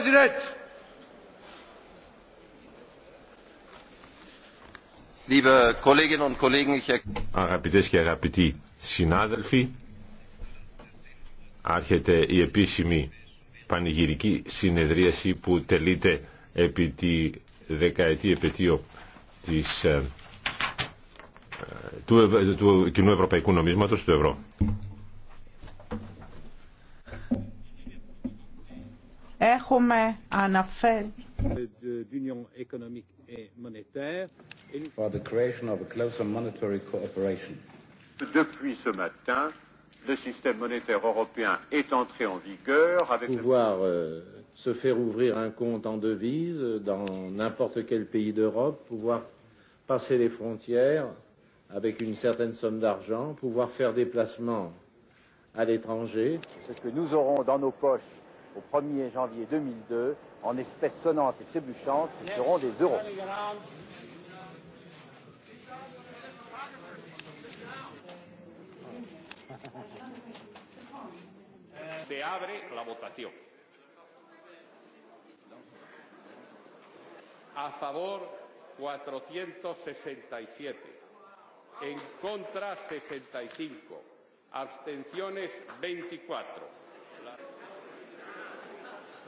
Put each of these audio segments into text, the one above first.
President. και αγαπητοί συνάδελφοι, άρχεται η επίσημη πανηγυρική συνεδρίαση που τελείται επί τη δεκαετή επαιτίο της, ε, ε, του, του Κοινού Ευρωπαϊκού Νομίσματος του Ευρώ. έχουμε αναφέρει depuis ce matin, le système monétaire européen est entré en vigueur avec pouvoir se faire ouvrir un compte en devise dans n'importe quel pays d'Europe, pouvoir passer les frontières avec une certaine somme d'argent, pouvoir faire des placements à l'étranger. Ce que nous aurons dans nos poches au 1er janvier 2002 en espèces sonnantes et trébuchantes qui seront des euros. Se abre la votación. A favor 467. En contra 65. Abstenciones 24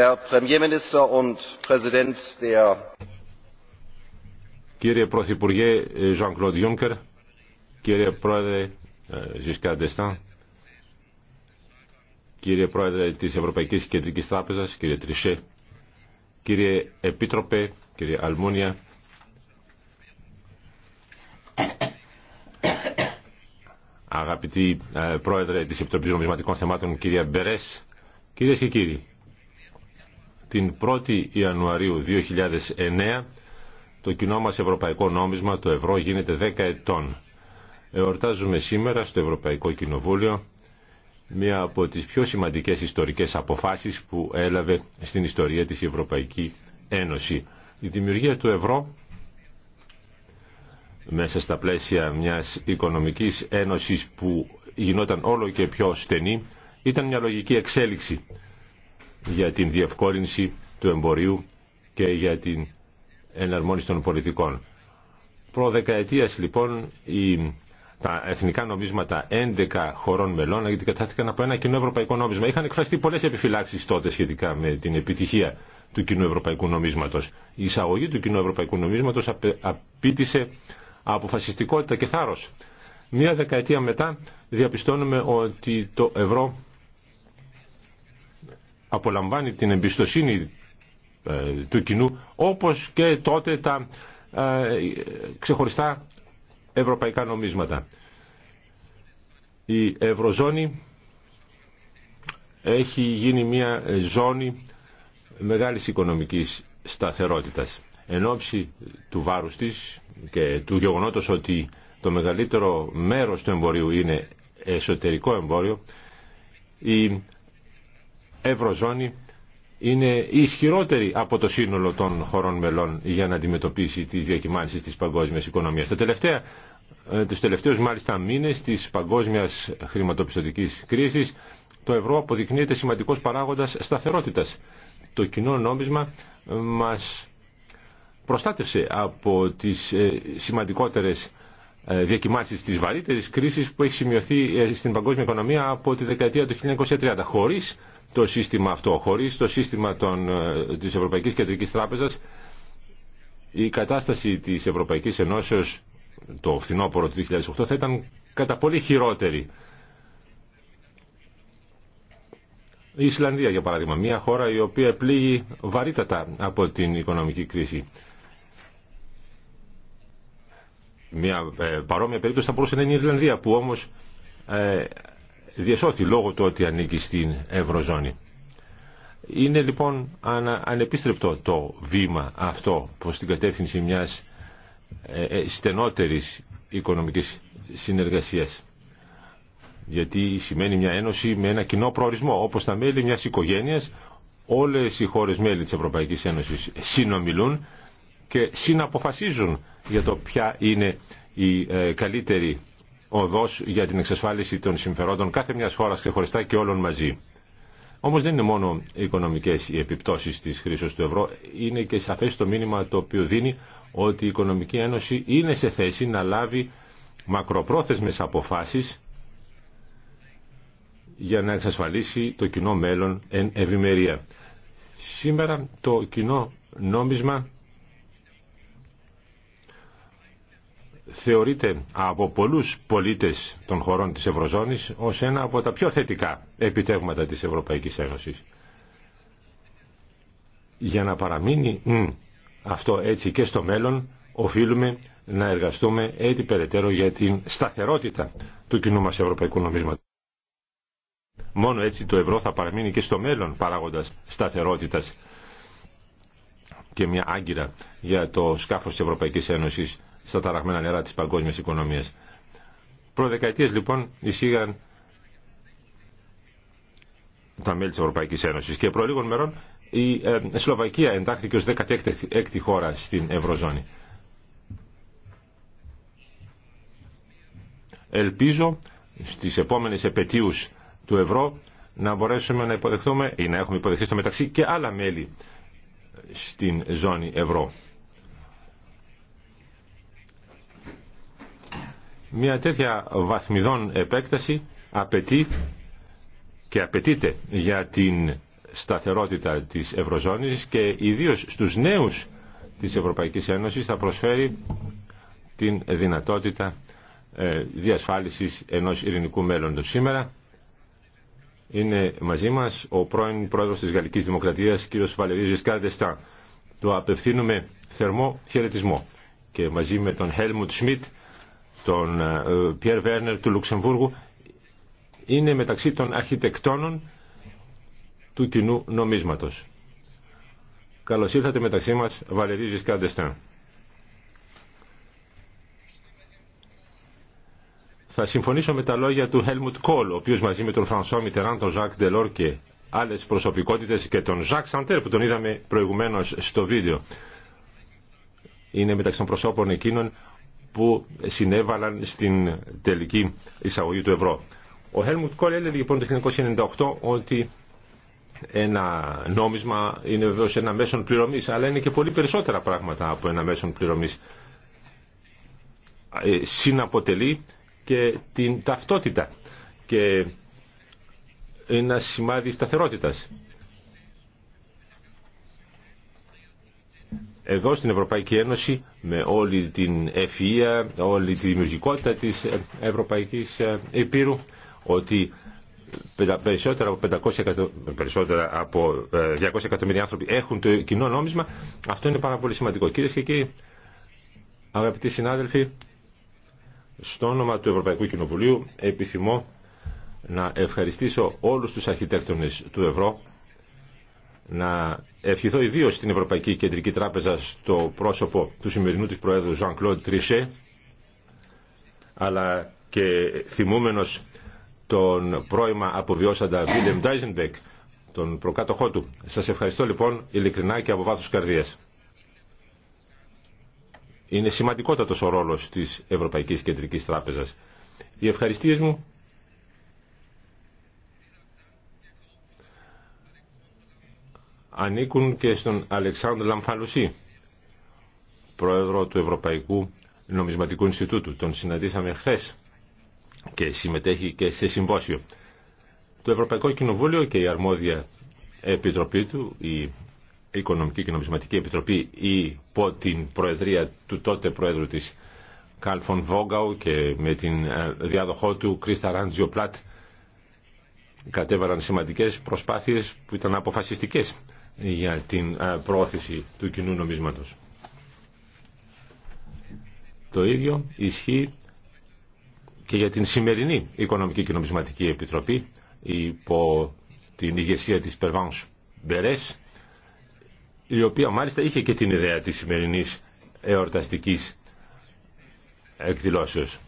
Herr Premierminister und Präsident der Κύριε Πρωθυπουργέ ε, Jean-Claude Juncker, κύριε Πρόεδρε ε, Giscard d'Estaing, κύριε Πρόεδρε της Ευρωπαϊκής Κεντρικής Τράπεζας, κύριε Τρισέ, κύριε Επίτροπε, κύριε Αλμούνια, αγαπητοί ε, Πρόεδρε της Επιτροπής Νομισματικών Θεμάτων, κύριε Μπερές, κυρίες και κύριοι, την 1η Ιανουαρίου 2009 το κοινό μας ευρωπαϊκό νόμισμα, το ευρώ, γίνεται 10 ετών. Εορτάζουμε σήμερα στο Ευρωπαϊκό Κοινοβούλιο μία από τις πιο σημαντικές ιστορικές αποφάσεις που έλαβε στην ιστορία της Ευρωπαϊκή Ένωση. Η δημιουργία του ευρώ μέσα στα πλαίσια μιας οικονομικής ένωσης που γινόταν όλο και πιο στενή ήταν μια λογική εξέλιξη για την διευκόλυνση του εμπορίου και για την εναρμόνιση των πολιτικών. Προ λοιπόν η, τα εθνικά νομίσματα 11 χωρών μελών αντικατάστηκαν από ένα κοινό ευρωπαϊκό νόμισμα. Είχαν εκφραστεί πολλές επιφυλάξεις τότε σχετικά με την επιτυχία του κοινού ευρωπαϊκού νομίσματος. Η εισαγωγή του κοινού ευρωπαϊκού νομίσματος απίτησε αποφασιστικότητα και θάρρος. Μία δεκαετία μετά διαπιστώνουμε ότι το ευρώ απολαμβάνει την εμπιστοσύνη ε, του κοινού όπως και τότε τα ε, ξεχωριστά ευρωπαϊκά νομίσματα. Η Ευρωζώνη έχει γίνει μια ζώνη μεγάλης οικονομικής σταθερότητας. Εν ώψη του βάρους της και του γεγονότος ότι το μεγαλύτερο μέρος του εμπορίου είναι εσωτερικό εμπόριο, η Ευρωζώνη είναι ισχυρότερη από το σύνολο των χωρών μελών για να αντιμετωπίσει τις διακυμάνσεις της παγκόσμιας οικονομίας. Τα τελευταία, ε, τους τελευταίους μάλιστα μήνες της παγκόσμιας χρηματοπιστωτικής κρίσης το ευρώ αποδεικνύεται σημαντικός παράγοντας σταθερότητας. Το κοινό νόμισμα ε, μας προστάτευσε από τις ε, σημαντικότερες διακυμάνσεις της βαρύτερης κρίσης που έχει σημειωθεί στην παγκόσμια οικονομία από τη δεκαετία του 1930 χωρίς το σύστημα αυτό. Χωρίς το σύστημα των, ε, της Ευρωπαϊκής Κεντρικής Τράπεζας η κατάσταση της Ευρωπαϊκής Ενώσεως το φθινόπωρο του 2008 θα ήταν κατά πολύ χειρότερη. Η Ισλανδία για παράδειγμα, μια χώρα η οποία πλήγει βαρύτατα από την οικονομική κρίση. Μια ε, παρόμοια περίπτωση θα μπορούσε να είναι η Ιρλανδία που όμως ε, διασώθη λόγω του ότι ανήκει στην Ευρωζώνη. Είναι λοιπόν ανεπίστρεπτο το βήμα αυτό προς την κατεύθυνση μιας ε, ε, στενότερης οικονομικής συνεργασίας. Γιατί σημαίνει μια ένωση με ένα κοινό προορισμό. Όπως τα μέλη μιας οικογένειας, όλες οι χώρες μέλη της Ευρωπαϊκής Ένωσης συνομιλούν και συναποφασίζουν για το ποια είναι η ε, καλύτερη οδό για την εξασφάλιση των συμφερόντων κάθε μιας χώρα ξεχωριστά και όλων μαζί. Όμω δεν είναι μόνο οι οικονομικέ οι επιπτώσει τη χρήση του ευρώ, είναι και σαφέ το μήνυμα το οποίο δίνει ότι η Οικονομική Ένωση είναι σε θέση να λάβει μακροπρόθεσμες αποφάσεις για να εξασφαλίσει το κοινό μέλλον εν ευημερία. Σήμερα το κοινό νόμισμα θεωρείται από πολλούς πολίτες των χωρών της Ευρωζώνης ως ένα από τα πιο θετικά επιτεύγματα της Ευρωπαϊκής Ένωσης. Για να παραμείνει αυτό έτσι και στο μέλλον, οφείλουμε να εργαστούμε έτσι περαιτέρω για την σταθερότητα του κοινού μας ευρωπαϊκού νομίσματος. Μόνο έτσι το ευρώ θα παραμείνει και στο μέλλον παράγοντας σταθερότητας και μια άγκυρα για το σκάφος της Ευρωπαϊκής Ένωσης στα ταραγμένα νερά της παγκόσμιας οικονομίας. Προδεκαετίες λοιπόν εισήγαν τα μέλη της Ευρωπαϊκής Ένωσης και προ λίγων μερών η ε, Σλοβακία εντάχθηκε ως 16η χώρα στην Ευρωζώνη. Ελπίζω στις επόμενες επαιτίους του ευρώ να μπορέσουμε να υποδεχθούμε ή να έχουμε υποδεχθεί στο μεταξύ και άλλα μέλη στην ζώνη ευρώ. Μια τέτοια βαθμιδών επέκταση απαιτεί και απαιτείται για την σταθερότητα της Ευρωζώνης και ιδίως στους νέους της Ευρωπαϊκής Ένωσης θα προσφέρει την δυνατότητα ε, διασφάλισης ενός ειρηνικού μέλλοντος. Σήμερα είναι μαζί μας ο πρώην πρόεδρος της Γαλλικής Δημοκρατίας κ. Βαλερίου Ζισκάρντεστα. Του απευθύνουμε θερμό χαιρετισμό και μαζί με τον Χέλμουντ Σμιτ τον ε, Πιέρ Βέρνερ του Λουξεμβούργου είναι μεταξύ των αρχιτεκτόνων του κοινού νομίσματος. Καλώς ήρθατε μεταξύ μας Βαλερή Καντεστάν. Θα συμφωνήσω με τα λόγια του Helmut Kohl, ο οποίος μαζί με τον Φρανσό Μιτεράν, τον Ζακ Ντελόρ και άλλες προσωπικότητες και τον Ζακ Σαντέρ που τον είδαμε προηγουμένως στο βίντεο. Είναι μεταξύ των προσώπων εκείνων που συνέβαλαν στην τελική εισαγωγή του ευρώ. Ο Helmut Kohl έλεγε λοιπόν το 1998 ότι ένα νόμισμα είναι βεβαίω ένα μέσον πληρωμής, αλλά είναι και πολύ περισσότερα πράγματα από ένα μέσον πληρωμής. Ε, συναποτελεί και την ταυτότητα και ένα σημάδι σταθερότητας. εδώ στην Ευρωπαϊκή Ένωση με όλη την ευφυΐα, όλη τη δημιουργικότητα της Ευρωπαϊκής Επίρου ότι περισσότερα από, 500 περισσότερα από 200 ε, εκατομμύρια άνθρωποι έχουν το κοινό νόμισμα αυτό είναι πάρα πολύ σημαντικό. Κυρίες και κύριοι, αγαπητοί συνάδελφοι, στο όνομα του Ευρωπαϊκού Κοινοβουλίου επιθυμώ να ευχαριστήσω όλους τους αρχιτέκτονες του ευρώ να ευχηθώ ιδίω στην Ευρωπαϊκή Κεντρική Τράπεζα στο πρόσωπο του σημερινού της Προέδρου Jean-Claude Trichet αλλά και θυμούμενος τον πρώιμα αποβιώσαντα Βίλεμ Ντάιζενμπεκ, τον προκάτοχό του. Σας ευχαριστώ λοιπόν ειλικρινά και από βάθος καρδίας. Είναι σημαντικότατος ο ρόλος της Ευρωπαϊκής Κεντρικής Τράπεζας. Οι ευχαριστίες μου ανήκουν και στον Αλεξάνδρου Λαμφαλουσί, πρόεδρο του Ευρωπαϊκού Νομισματικού Ινστιτούτου. Τον συναντήσαμε χθε και συμμετέχει και σε συμπόσιο. Το Ευρωπαϊκό Κοινοβούλιο και η αρμόδια επιτροπή του, η Οικονομική και Νομισματική Επιτροπή υπό την προεδρία του τότε πρόεδρου της Κάλφον Βόγκαου και με την ε, διάδοχό του Κρίστα Ράντζιο Πλάτ κατέβαλαν σημαντικές προσπάθειες που ήταν αποφασιστικές για την ε, πρόθεση του κοινού νομίσματος. Το ίδιο ισχύει και για την σημερινή Οικονομική και Νομισματική Επιτροπή υπό την ηγεσία της Περβάνς Μπερές η οποία μάλιστα είχε και την ιδέα της σημερινής εορταστικής εκδηλώσεως.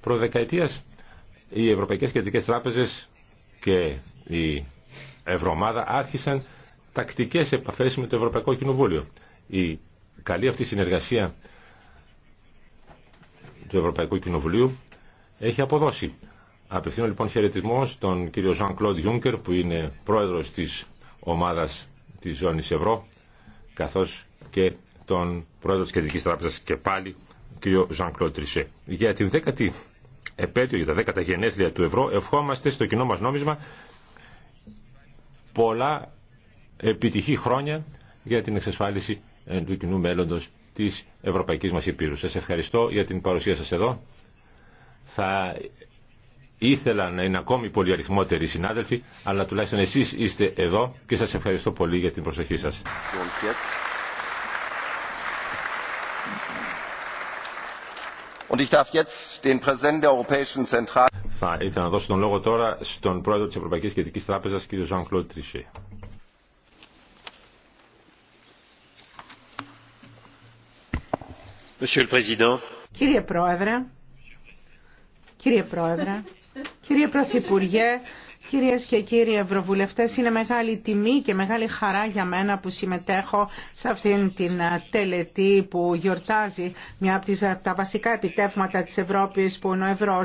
Προδεκαετίας οι Ευρωπαϊκές Κεντρικές Τράπεζες και η Ευρωομάδα άρχισαν τακτικές επαφές με το Ευρωπαϊκό Κοινοβούλιο. Η καλή αυτή συνεργασία του Ευρωπαϊκού Κοινοβουλίου έχει αποδώσει. Απευθύνω λοιπόν χαιρετισμό στον κύριο Ζαν Κλοντ Juncker που είναι πρόεδρος της ομάδας της Ζώνης Ευρώ καθώς και τον πρόεδρο της Κεντρικής Τράπεζας και πάλι κύριο Ζαν Κλοντ Τρισέ. Για την δέκατη επέτειο, για τα δέκατα γενέθλια του ευρώ ευχόμαστε στο κοινό μας νόμισμα πολλά επιτυχή χρόνια για την εξασφάλιση ε, του κοινού μέλλοντος της Ευρωπαϊκής μας Επίρου. Σας ευχαριστώ για την παρουσία σας εδώ. Θα ήθελα να είναι ακόμη πολύ αριθμότεροι συνάδελφοι, αλλά τουλάχιστον εσείς είστε εδώ και σας ευχαριστώ πολύ για την προσοχή σας. Θα ήθελα να δώσω τον λόγο τώρα στον πρόεδρο της Ευρωπαϊκής Κεντρικής Τράπεζας, κ. Jean-Claude Trichet. Κύριε Πρόεδρε, κύριε Πρόεδρε, κύριε Πρωθυπουργέ, Κυρίες και κύριοι Ευρωβουλευτές, είναι μεγάλη τιμή και μεγάλη χαρά για μένα που συμμετέχω σε αυτήν την τελετή που γιορτάζει μια από τις, τα βασικά επιτεύγματα της Ευρώπης που είναι ο Ευρώ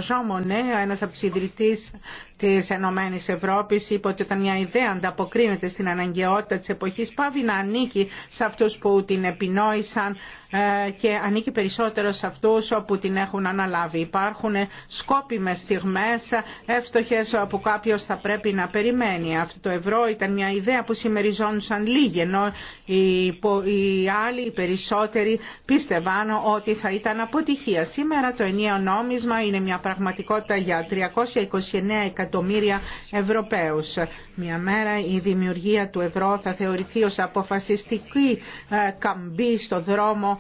ένας από τους ιδρυτής της Ενωμένης Ευρώπης, είπε ότι όταν μια ιδέα ανταποκρίνεται στην αναγκαιότητα της εποχής πάβει να ανήκει σε αυτούς που την επινόησαν ε, και ανήκει περισσότερο σε αυτούς που την έχουν αναλάβει. Υπάρχουν σκόπιμες στιγμές, εύστοχες που κάποιος θα πρέπει να περιμένει. Αυτό το ευρώ ήταν μια ιδέα που συμμεριζόντουσαν λίγοι, ενώ οι άλλοι, οι περισσότεροι πίστευαν ότι θα ήταν αποτυχία. Σήμερα το ενίο νόμισμα είναι μια πραγματικότητα για 329 εκατομμύρια Ευρωπαίους. Μια μέρα η δημιουργία του ευρώ θα θεωρηθεί ως αποφασιστική ε, καμπή στο δρόμο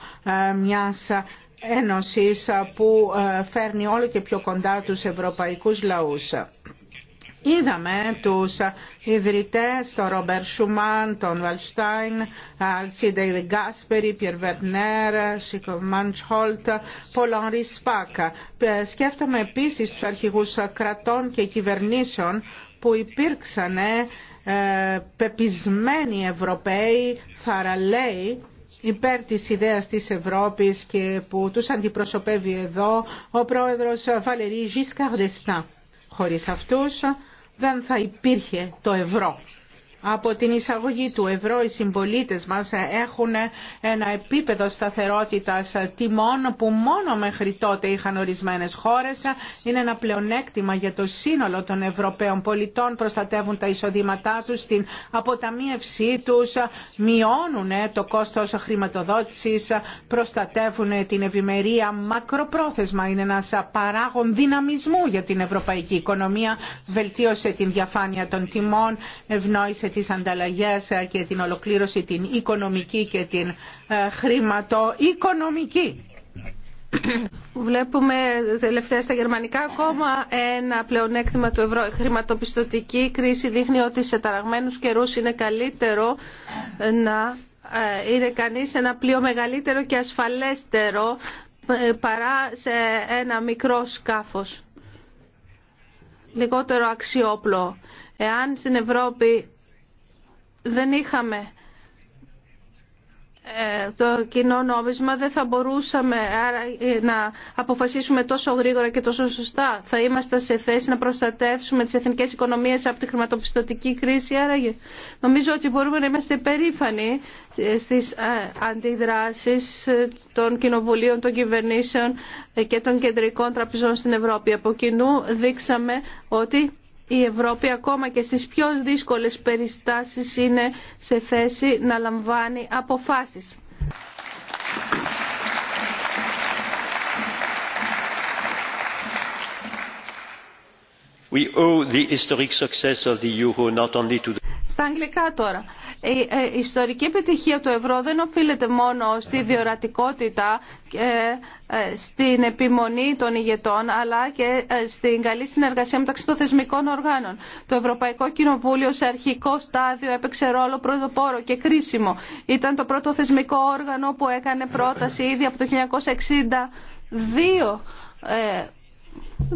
ε, μιας ένωσης που ε, φέρνει όλο και πιο κοντά τους ευρωπαϊκούς λαούς. Είδαμε τους ιδρυτές, τον Ρόμπερ Σουμάν, τον Βαλστάιν, Αλσίντε Γκάσπερι, Πιερ Βερνέρ, Σίκο Μάντσχολτ, Πολόν Σπάκα. Σκέφτομαι επίσης τους αρχηγούς κρατών και κυβερνήσεων που υπήρξαν ε, πεπισμένοι Ευρωπαίοι, θαραλέοι, υπέρ της ιδέας της Ευρώπης και που τους αντιπροσωπεύει εδώ ο πρόεδρος Βαλερή Γίσκαρδεστά. Χωρίς αυτούς δεν θα υπήρχε το ευρώ από την εισαγωγή του ευρώ οι συμπολίτε μας έχουν ένα επίπεδο σταθερότητας τιμών που μόνο μέχρι τότε είχαν ορισμένες χώρες. Είναι ένα πλεονέκτημα για το σύνολο των Ευρωπαίων πολιτών, προστατεύουν τα εισοδήματά τους, την αποταμίευσή τους, μειώνουν το κόστος χρηματοδότησης, προστατεύουν την ευημερία μακροπρόθεσμα. Είναι ένα παράγον δυναμισμού για την ευρωπαϊκή οικονομία, βελτίωσε την διαφάνεια των τιμών, ευνόησε της ανταλλαγής και την ολοκλήρωση την οικονομική και την ε, χρηματοοικονομική. Βλέπουμε τελευταία στα γερμανικά ακόμα ένα πλεονέκτημα του ευρώ. Η χρηματοπιστωτική κρίση δείχνει ότι σε ταραγμένους καιρούς είναι καλύτερο να ε, είναι κανείς ένα πλοίο μεγαλύτερο και ασφαλέστερο ε, παρά σε ένα μικρό σκάφος. Λιγότερο αξιόπλο. Εάν στην Ευρώπη δεν είχαμε ε, το κοινό νόμισμα δεν θα μπορούσαμε ε, να αποφασίσουμε τόσο γρήγορα και τόσο σωστά. Θα είμαστε σε θέση να προστατεύσουμε τις εθνικές οικονομίες από τη χρηματοπιστωτική κρίση. Άραγε νομίζω ότι μπορούμε να είμαστε περήφανοι ε, στις αντιδράσεις των κοινοβουλίων, των κυβερνήσεων και των κεντρικών τραπεζών στην Ευρώπη. Από κοινού δείξαμε ότι η Ευρώπη ακόμα και στις πιο δύσκολες περιστάσεις είναι σε θέση να λαμβάνει αποφάσεις. Στα αγγλικά τώρα. Ε, η ιστορική επιτυχία του ευρώ δεν οφείλεται μόνο στη διορατικότητα και ε, στην επιμονή των ηγετών αλλά και ε, στην καλή συνεργασία μεταξύ των θεσμικών οργάνων. Το Ευρωπαϊκό Κοινοβούλιο σε αρχικό στάδιο έπαιξε ρόλο πρωτοπόρο και κρίσιμο. Ήταν το πρώτο θεσμικό όργανο που έκανε πρόταση ήδη από το 1962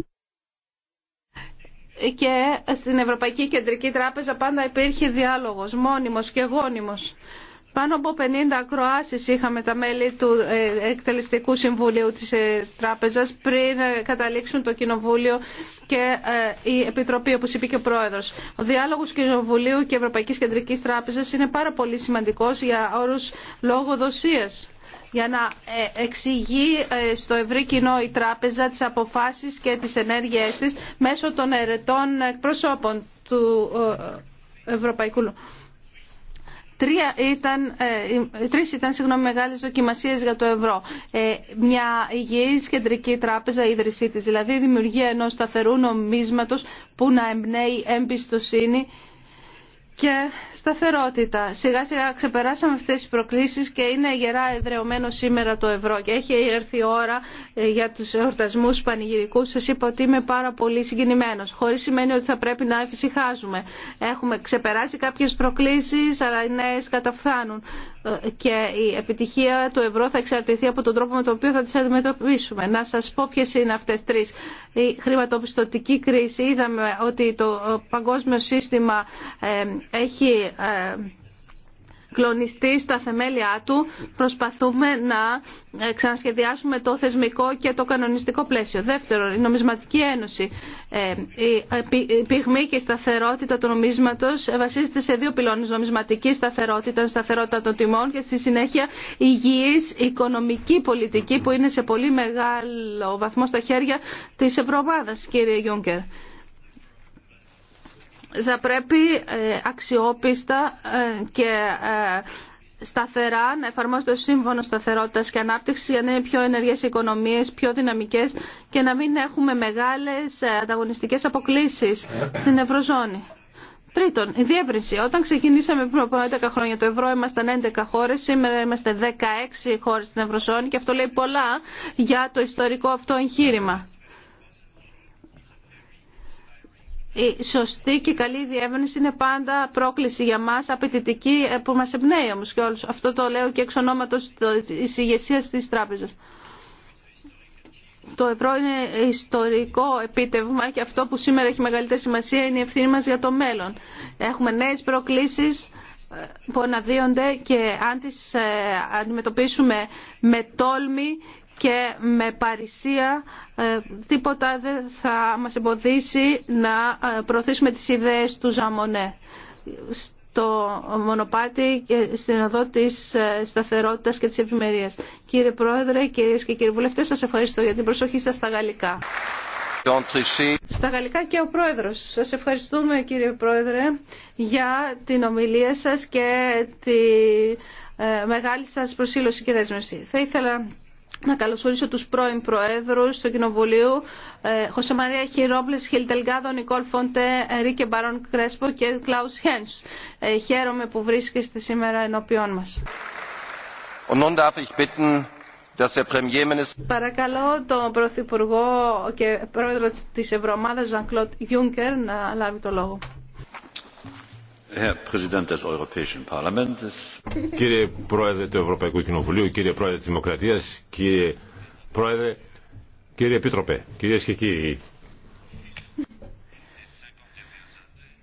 και στην Ευρωπαϊκή Κεντρική Τράπεζα πάντα υπήρχε διάλογος μόνιμος και γόνιμος. Πάνω από 50 ακροάσεις είχαμε τα μέλη του ε, Εκτελεστικού Συμβουλίου της ε, Τράπεζας πριν ε, καταλήξουν το Κοινοβούλιο και η Επιτροπή, όπως είπε και ο Πρόεδρος. Ο διάλογος Κοινοβουλίου και Ευρωπαϊκής Κεντρικής Τράπεζας είναι πάρα πολύ σημαντικός για όρους δοσίας για να ε, εξηγεί ε, στο ευρύ κοινό η τράπεζα τις αποφάσεις και τις ενέργειές της μέσω των ερετών προσώπων του ε, Ευρωπαϊκού Τρία ήταν, τρεις ήταν συγγνώμη, μεγάλες δοκιμασίες για το ευρώ. μια υγιής κεντρική τράπεζα ίδρυσή της, δηλαδή η δημιουργία ενός σταθερού νομίσματος που να εμπνέει εμπιστοσύνη και σταθερότητα. Σιγά σιγά ξεπεράσαμε αυτές τις προκλήσεις και είναι γερά εδρεωμένο σήμερα το ευρώ και έχει έρθει η ώρα ε, για τους εορτασμούς πανηγυρικούς. Σας είπα ότι είμαι πάρα πολύ συγκινημένος. Χωρίς σημαίνει ότι θα πρέπει να εφησυχάζουμε. Έχουμε ξεπεράσει κάποιες προκλήσεις αλλά οι νέες καταφθάνουν ε, και η επιτυχία του ευρώ θα εξαρτηθεί από τον τρόπο με τον οποίο θα τις αντιμετωπίσουμε. Να σας πω ποιες είναι αυτές τρεις. Η χρηματοπιστωτική κρίση. Είδαμε ότι το ε, παγκόσμιο σύστημα έχει ε, κλονιστεί στα θεμέλια του, προσπαθούμε να ε, ξανασχεδιάσουμε το θεσμικό και το κανονιστικό πλαίσιο. Δεύτερον, η νομισματική ένωση. Ε, η πυγμή και η σταθερότητα του νομίσματος βασίζεται σε δύο πυλώνες νομισματική σταθερότητα, σταθερότητα των τιμών και στη συνέχεια υγιής οικονομική πολιτική που είναι σε πολύ μεγάλο βαθμό στα χέρια της Ευρωβάδας, κύριε Γιούγκερ θα πρέπει ε, αξιόπιστα ε, και ε, σταθερά, να εφαρμόζεται το σύμφωνο σταθερότητα και ανάπτυξη για να είναι πιο ενεργέ οι οικονομίε, πιο δυναμικέ και να μην έχουμε μεγάλε ανταγωνιστικέ αποκλήσει στην Ευρωζώνη. Τρίτον, η διεύρυνση. Όταν ξεκινήσαμε πριν από 10 χρόνια το ευρώ, ήμασταν 11 χώρε. Σήμερα είμαστε 16 χώρε στην Ευρωζώνη και αυτό λέει πολλά για το ιστορικό αυτό εγχείρημα. η σωστή και καλή διεύρυνση είναι πάντα πρόκληση για μας, απαιτητική, ε, που μας εμπνέει όμως και όλους. Αυτό το λέω και εξ ονόματος της ηγεσία της τράπεζας. Το ευρώ είναι ιστορικό επίτευγμα και αυτό που σήμερα έχει μεγαλύτερη σημασία είναι η ευθύνη μας για το μέλλον. Έχουμε νέες προκλήσεις ε, που αναδύονται και αν τις ε, αντιμετωπίσουμε με τόλμη και με παρησία ε, τίποτα δεν θα μας εμποδίσει να ε, προωθήσουμε τις ιδέες του Ζαμονέ στο μονοπάτι και στην οδό της ε, σταθερότητας και της ευημερίας. Κύριε Πρόεδρε, κυρίες και κύριοι βουλευτές, σας ευχαριστώ για την προσοχή σας στα γαλλικά. Στα γαλλικά και ο Πρόεδρος. Σας ευχαριστούμε κύριε Πρόεδρε για την ομιλία σας και τη μεγάλη σας προσήλωση και δέσμευση. Θα ήθελα να καλωσορίσω τους πρώην Προέδρους του Κοινοβουλίου, ε, Χωσέ Μαρία Χιρόμπλες, Χιλτελγκάδο, Νικόλ Φοντέ, Ρίκε Μπαρόν Κρέσπο και Κλάους Χένς. Ε, χαίρομαι που βρίσκεστε σήμερα ενώπιόν μας. Παρακαλώ τον Πρωθυπουργό και Πρόεδρο της Ευρωομάδας, Ζανκλότ Γιούγκερ, να λάβει το λόγο. Κύριε Πρόεδρε του Ευρωπαϊκού Κοινοβουλίου, κύριε Πρόεδρε της Δημοκρατίας, κύριε Πρόεδρε, κύριε Επίτροπε, κυρίες και κύριοι.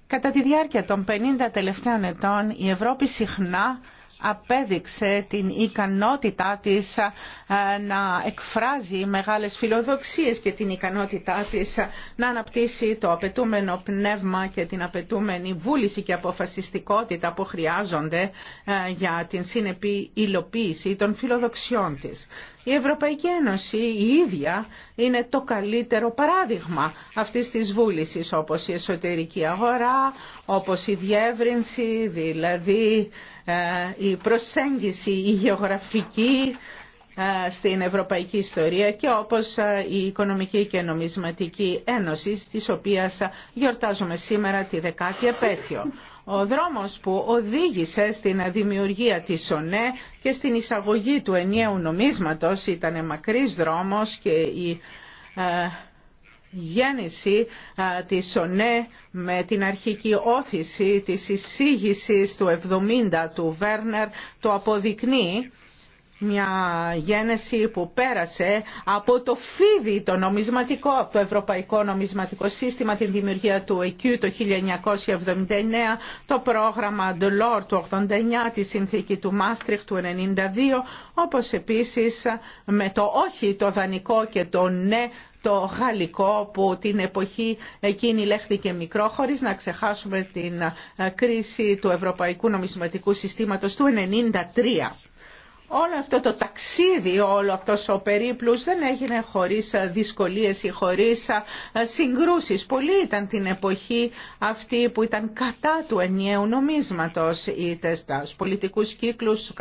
Κατά τη διάρκεια των 50 τελευταίων ετών η Ευρώπη συχνά απέδειξε την ικανότητά της ε, να εκφράζει μεγάλες φιλοδοξίες και την ικανότητά της ε, να αναπτύσσει το απαιτούμενο πνεύμα και την απαιτούμενη βούληση και αποφασιστικότητα που χρειάζονται ε, για την συνεπή υλοποίηση των φιλοδοξιών της. Η Ευρωπαϊκή Ένωση η ίδια είναι το καλύτερο παράδειγμα αυτής της βούλησης όπως η εσωτερική αγορά, όπως η διεύρυνση, δηλαδή ε, η προσέγγιση, η γεωγραφική ε, στην ευρωπαϊκή ιστορία και όπως ε, η Οικονομική και Νομισματική Ένωση της οποίας γιορτάζουμε σήμερα τη δεκάτη επέτειο. Ο δρόμος που οδήγησε στην δημιουργία της ΟΝΕ και στην εισαγωγή του ενιαίου νομίσματος ήταν μακρύς δρόμος και η γέννηση της ΟΝΕ με την αρχική όθηση της εισήγησης του 70 του Βέρνερ το αποδεικνύει μια γέννηση που πέρασε από το φίδι το νομισματικό, από το Ευρωπαϊκό Νομισματικό Σύστημα, την δημιουργία του ΕΚΙΟΥ το 1979, το πρόγραμμα Delors του 89, τη συνθήκη του Μάστριχ του 1992, όπως επίσης με το όχι το δανεικό και το ναι το γαλλικό που την εποχή εκείνη λέχθηκε μικρό χωρίς να ξεχάσουμε την ε, κρίση του Ευρωπαϊκού Νομισματικού Συστήματος του 1993. Όλο αυτό το ταξίδι, όλο αυτός ο περίπλους δεν έγινε χωρίς ε, δυσκολίες ή χωρίς ε, συγκρούσεις. Πολλοί ήταν την εποχή αυτή που ήταν κατά του ενιαίου νομίσματος, είτε στους πολιτικούς κύκλους,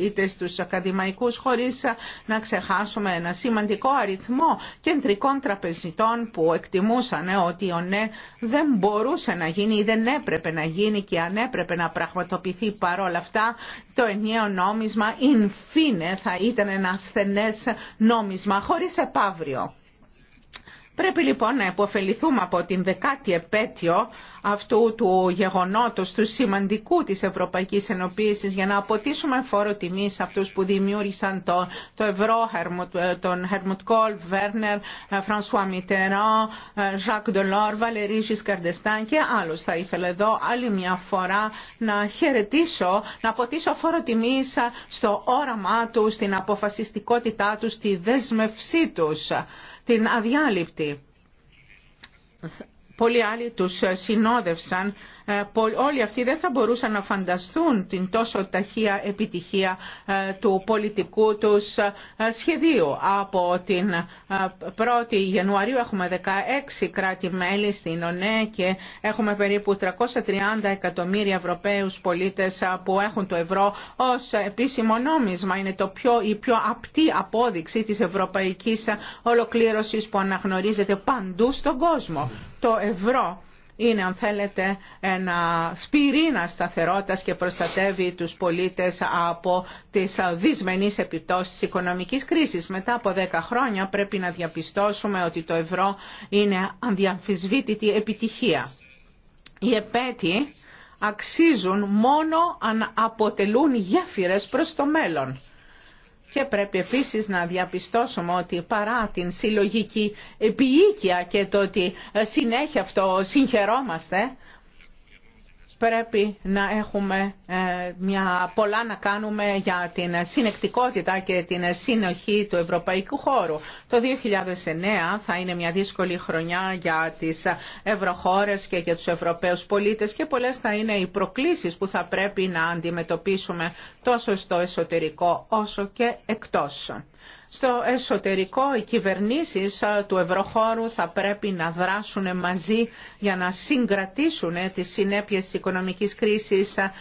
είτε στους ακαδημαϊκούς, χωρίς ε, να ξεχάσουμε ένα σημαντικό αριθμό κεντρικών τραπεζιτών που εκτιμούσαν ότι ο ναι δεν μπορούσε να γίνει ή δεν έπρεπε να γίνει και αν έπρεπε να πραγματοποιηθεί παρόλα αυτά το ενιαίο νόμισμα Φίνε θα ήταν ένα ασθενές νόμισμα χωρίς επαύριο. Πρέπει λοιπόν να υποφεληθούμε από την δεκάτη επέτειο αυτού του γεγονότος, του σημαντικού της Ευρωπαϊκής Ενοποίησης για να αποτίσουμε φόρο τιμή σε αυτούς που δημιούργησαν το, το ευρώ, τον Χερμουτ Κόλ, Βέρνερ, Φρανσουά Μιτερό, Ζακ Ντολόρ, Βαλερί Καρδεστάν και άλλους. Θα ήθελα εδώ άλλη μια φορά να χαιρετήσω, να αποτίσω φόρο τιμή στο όραμά τους, στην αποφασιστικότητά τους, στη δέσμευσή τους την αδιάλειπτη. Πολλοί άλλοι τους συνόδευσαν ε, όλοι αυτοί δεν θα μπορούσαν να φανταστούν την τόσο ταχεία επιτυχία ε, του πολιτικού τους ε, σχεδίου. Από την 1η Ιανουαρίου έχουμε 16 κράτη-μέλη στην ΟΝΕ και έχουμε περίπου 330 εκατομμύρια Ευρωπαίους πολίτες που έχουν το ευρώ ως επίσημο νόμισμα. Είναι το πιο, η πιο απτή απόδειξη της ευρωπαϊκής ολοκλήρωσης που αναγνωρίζεται παντού στον κόσμο. Το ευρώ είναι αν θέλετε ένα σπυρίνα σταθερότητας και προστατεύει τους πολίτες από τις δυσμενείς επιπτώσεις οικονομικής κρίσης. Μετά από δέκα χρόνια πρέπει να διαπιστώσουμε ότι το ευρώ είναι ανδιαμφισβήτητη επιτυχία. Οι επέτειοι αξίζουν μόνο αν αποτελούν γέφυρες προς το μέλλον και πρέπει επίσης να διαπιστώσουμε ότι παρά την συλλογική επιοίκεια και το ότι συνέχεια αυτό συγχαιρόμαστε, πρέπει να έχουμε ε, μια, πολλά να κάνουμε για την συνεκτικότητα και την συνοχή του ευρωπαϊκού χώρου. Το 2009 θα είναι μια δύσκολη χρονιά για τις ευρωχώρες και για τους ευρωπαίους πολίτες και πολλές θα είναι οι προκλήσεις που θα πρέπει να αντιμετωπίσουμε τόσο στο εσωτερικό όσο και εκτός. Στο εσωτερικό οι κυβερνήσεις ε, του ευρωχώρου θα πρέπει να δράσουν μαζί για να συγκρατήσουν ε, τις συνέπειες της οικονομικής κρίσης ε,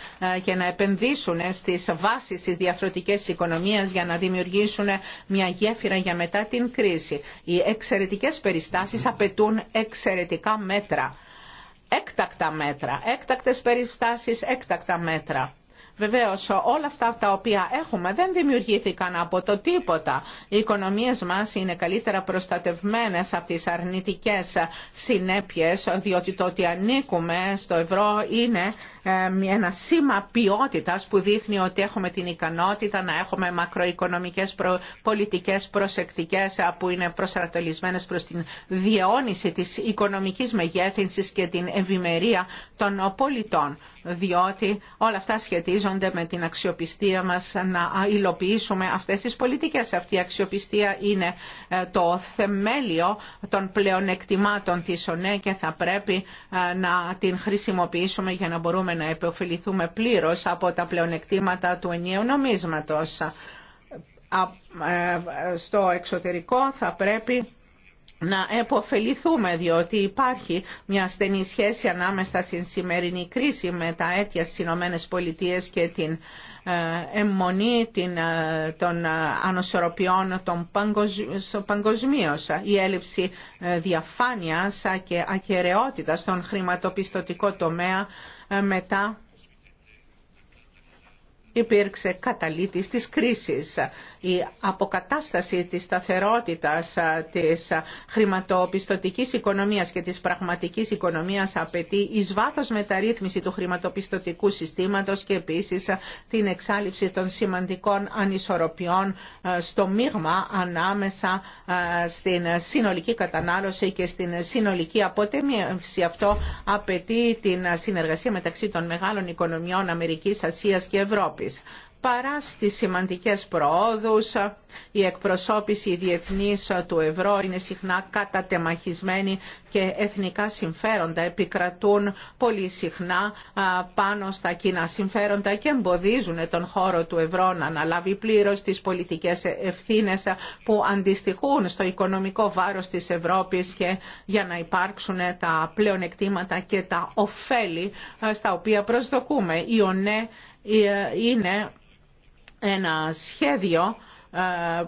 και να επενδύσουν στις βάσεις της διαφορετικής οικονομίας για να δημιουργήσουν μια γέφυρα για μετά την κρίση. Οι εξαιρετικές περιστάσεις απαιτούν εξαιρετικά μέτρα. Έκτακτα μέτρα, έκτακτες περιστάσεις, έκτακτα μέτρα Βεβαίω, όλα αυτά τα οποία έχουμε δεν δημιουργήθηκαν από το τίποτα. Οι οικονομίε μα είναι καλύτερα προστατευμένε από τι αρνητικέ συνέπειες διότι το ότι ανήκουμε στο ευρώ είναι ένα σήμα ποιότητας που δείχνει ότι έχουμε την ικανότητα να έχουμε μακροοικονομικές πολιτικές προσεκτικές που είναι προσαρτολισμένες προς την διαιώνιση της οικονομικής μεγέθυνσης και την ευημερία των πολιτών διότι όλα αυτά σχετίζονται με την αξιοπιστία μας να υλοποιήσουμε αυτές τις πολιτικές. Αυτή η αξιοπιστία είναι ε, το θεμέλιο των πλεονεκτημάτων της ΟΝΕ και θα πρέπει ε, να την χρησιμοποιήσουμε για να μπορούμε να επωφεληθούμε πλήρως από τα πλεονεκτήματα του ενιαίου νομίσματος. Ε, στο εξωτερικό θα πρέπει να επωφεληθούμε διότι υπάρχει μια στενή σχέση ανάμεσα στην σημερινή κρίση με τα αίτια στις Ηνωμένες Πολιτείες και την εμμονή ε, των ε, ανοσορροπιών των παγκοσμίω. Η έλλειψη διαφάνειας και ακαιρεότητας στον χρηματοπιστωτικό τομέα ε, μετά υπήρξε καταλήτης της κρίσης. Η αποκατάσταση της σταθερότητας της χρηματοπιστωτικής οικονομίας και της πραγματικής οικονομίας απαιτεί εις βάθος μεταρρύθμιση του χρηματοπιστωτικού συστήματος και επίσης την εξάλληψη των σημαντικών ανισορροπιών στο μείγμα ανάμεσα στην συνολική κατανάλωση και στην συνολική αποτέμιευση. Αυτό απαιτεί την συνεργασία μεταξύ των μεγάλων οικονομιών Αμερικής, Ασίας και Ευρώπης. Παρά στις σημαντικές προόδους, η εκπροσώπηση διεθνής του ευρώ είναι συχνά κατατεμαχισμένη και εθνικά συμφέροντα επικρατούν πολύ συχνά πάνω στα κοινά συμφέροντα και εμποδίζουν τον χώρο του ευρώ να αναλάβει πλήρως τις πολιτικές ευθύνες που αντιστοιχούν στο οικονομικό βάρος της Ευρώπης και για να υπάρξουν τα πλεονεκτήματα και τα ωφέλη στα οποία προσδοκούμε. Η είναι ένα σχέδιο ε,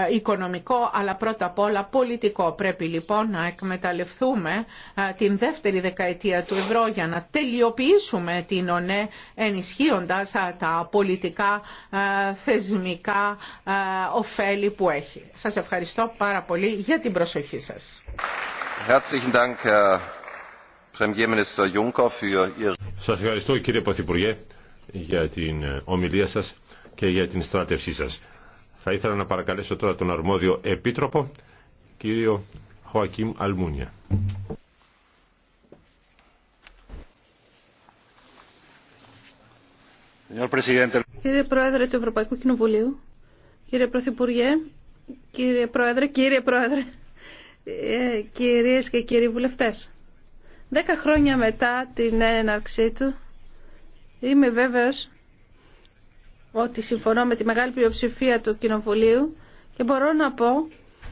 ε, οικονομικό αλλά πρώτα απ' όλα πολιτικό. Πρέπει λοιπόν να εκμεταλλευτούμε ε, την δεύτερη δεκαετία του ευρώ για να τελειοποιήσουμε την ΟΝΕ ενισχύοντας τα πολιτικά θεσμικά ωφέλη που έχει. Σας ευχαριστώ πάρα πολύ για την προσοχή σας. Σας ευχαριστώ κύριε Πρωθυπουργέ για την ε, ομιλία σας και για την στράτευσή σας. Θα ήθελα να παρακαλέσω τώρα τον αρμόδιο επίτροπο, κύριο Χωακίμ Αλμούνια. Κύριε Πρόεδρε του Ευρωπαϊκού Κοινοβουλίου, κύριε Πρωθυπουργέ, κύριε Πρόεδρε, κύριε Πρόεδρε, ε, κυρίες και κύριοι βουλευτές. Δέκα χρόνια μετά την έναρξή του είμαι βέβαιος ότι συμφωνώ με τη μεγάλη πλειοψηφία του Κοινοβουλίου και μπορώ να πω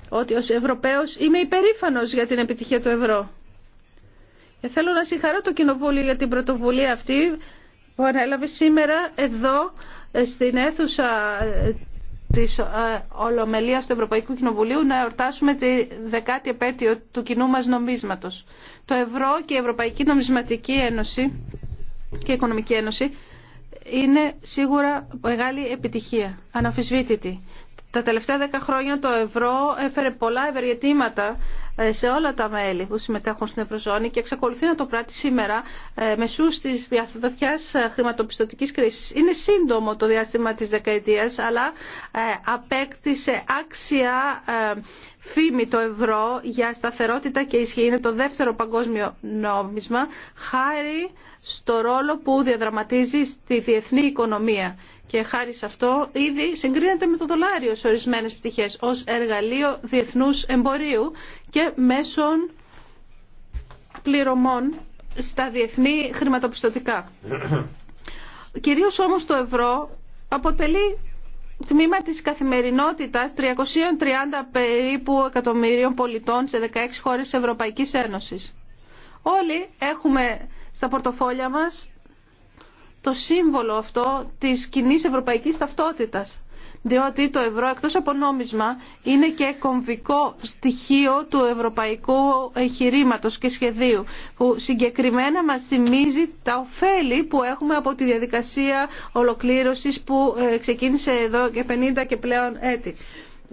ότι ως Ευρωπαίος είμαι υπερήφανος για την επιτυχία του ευρώ. Και θέλω να συγχαρώ το Κοινοβούλιο για την πρωτοβουλία αυτή που ανέλαβε σήμερα εδώ ε, στην αίθουσα ε, της ε, Ολομελίας του Ευρωπαϊκού Κοινοβουλίου να εορτάσουμε τη δεκάτη επέτειο του κοινού μας νομίσματος. Το ευρώ και η Ευρωπαϊκή Νομισματική Ένωση και η Οικονομική Ένωση είναι σίγουρα μεγάλη επιτυχία, αναφυσβήτητη. Τα τελευταία δέκα χρόνια το ευρώ έφερε πολλά ευεργετήματα ε, σε όλα τα μέλη που συμμετέχουν στην Ευρωζώνη και εξακολουθεί να το πράττει σήμερα ε, μεσού τη βαθιά ε, χρηματοπιστωτική κρίση. Είναι σύντομο το διάστημα τη δεκαετία, αλλά απέκτησε άξια φήμη το ευρώ για σταθερότητα και ισχύ. Είναι το δεύτερο παγκόσμιο νόμισμα χάρη στο ρόλο που διαδραματίζει στη διεθνή οικονομία και χάρη σε αυτό ήδη συγκρίνεται με το δολάριο σε ορισμένες πτυχές ως εργαλείο διεθνούς εμπορίου και μέσων πληρωμών στα διεθνή χρηματοπιστωτικά. Κυρίως όμως το ευρώ αποτελεί τμήμα της καθημερινότητας 330 περίπου εκατομμύριων πολιτών σε 16 χώρες Ευρωπαϊκής Ένωσης. Όλοι έχουμε στα πορτοφόλια μας το σύμβολο αυτό της κοινή ευρωπαϊκής ταυτότητας. Διότι το ευρώ εκτός από νόμισμα είναι και κομβικό στοιχείο του ευρωπαϊκού εγχειρήματο και σχεδίου που συγκεκριμένα μας θυμίζει τα ωφέλη που έχουμε από τη διαδικασία ολοκλήρωσης που ε, ξεκίνησε εδώ και 50 και πλέον έτη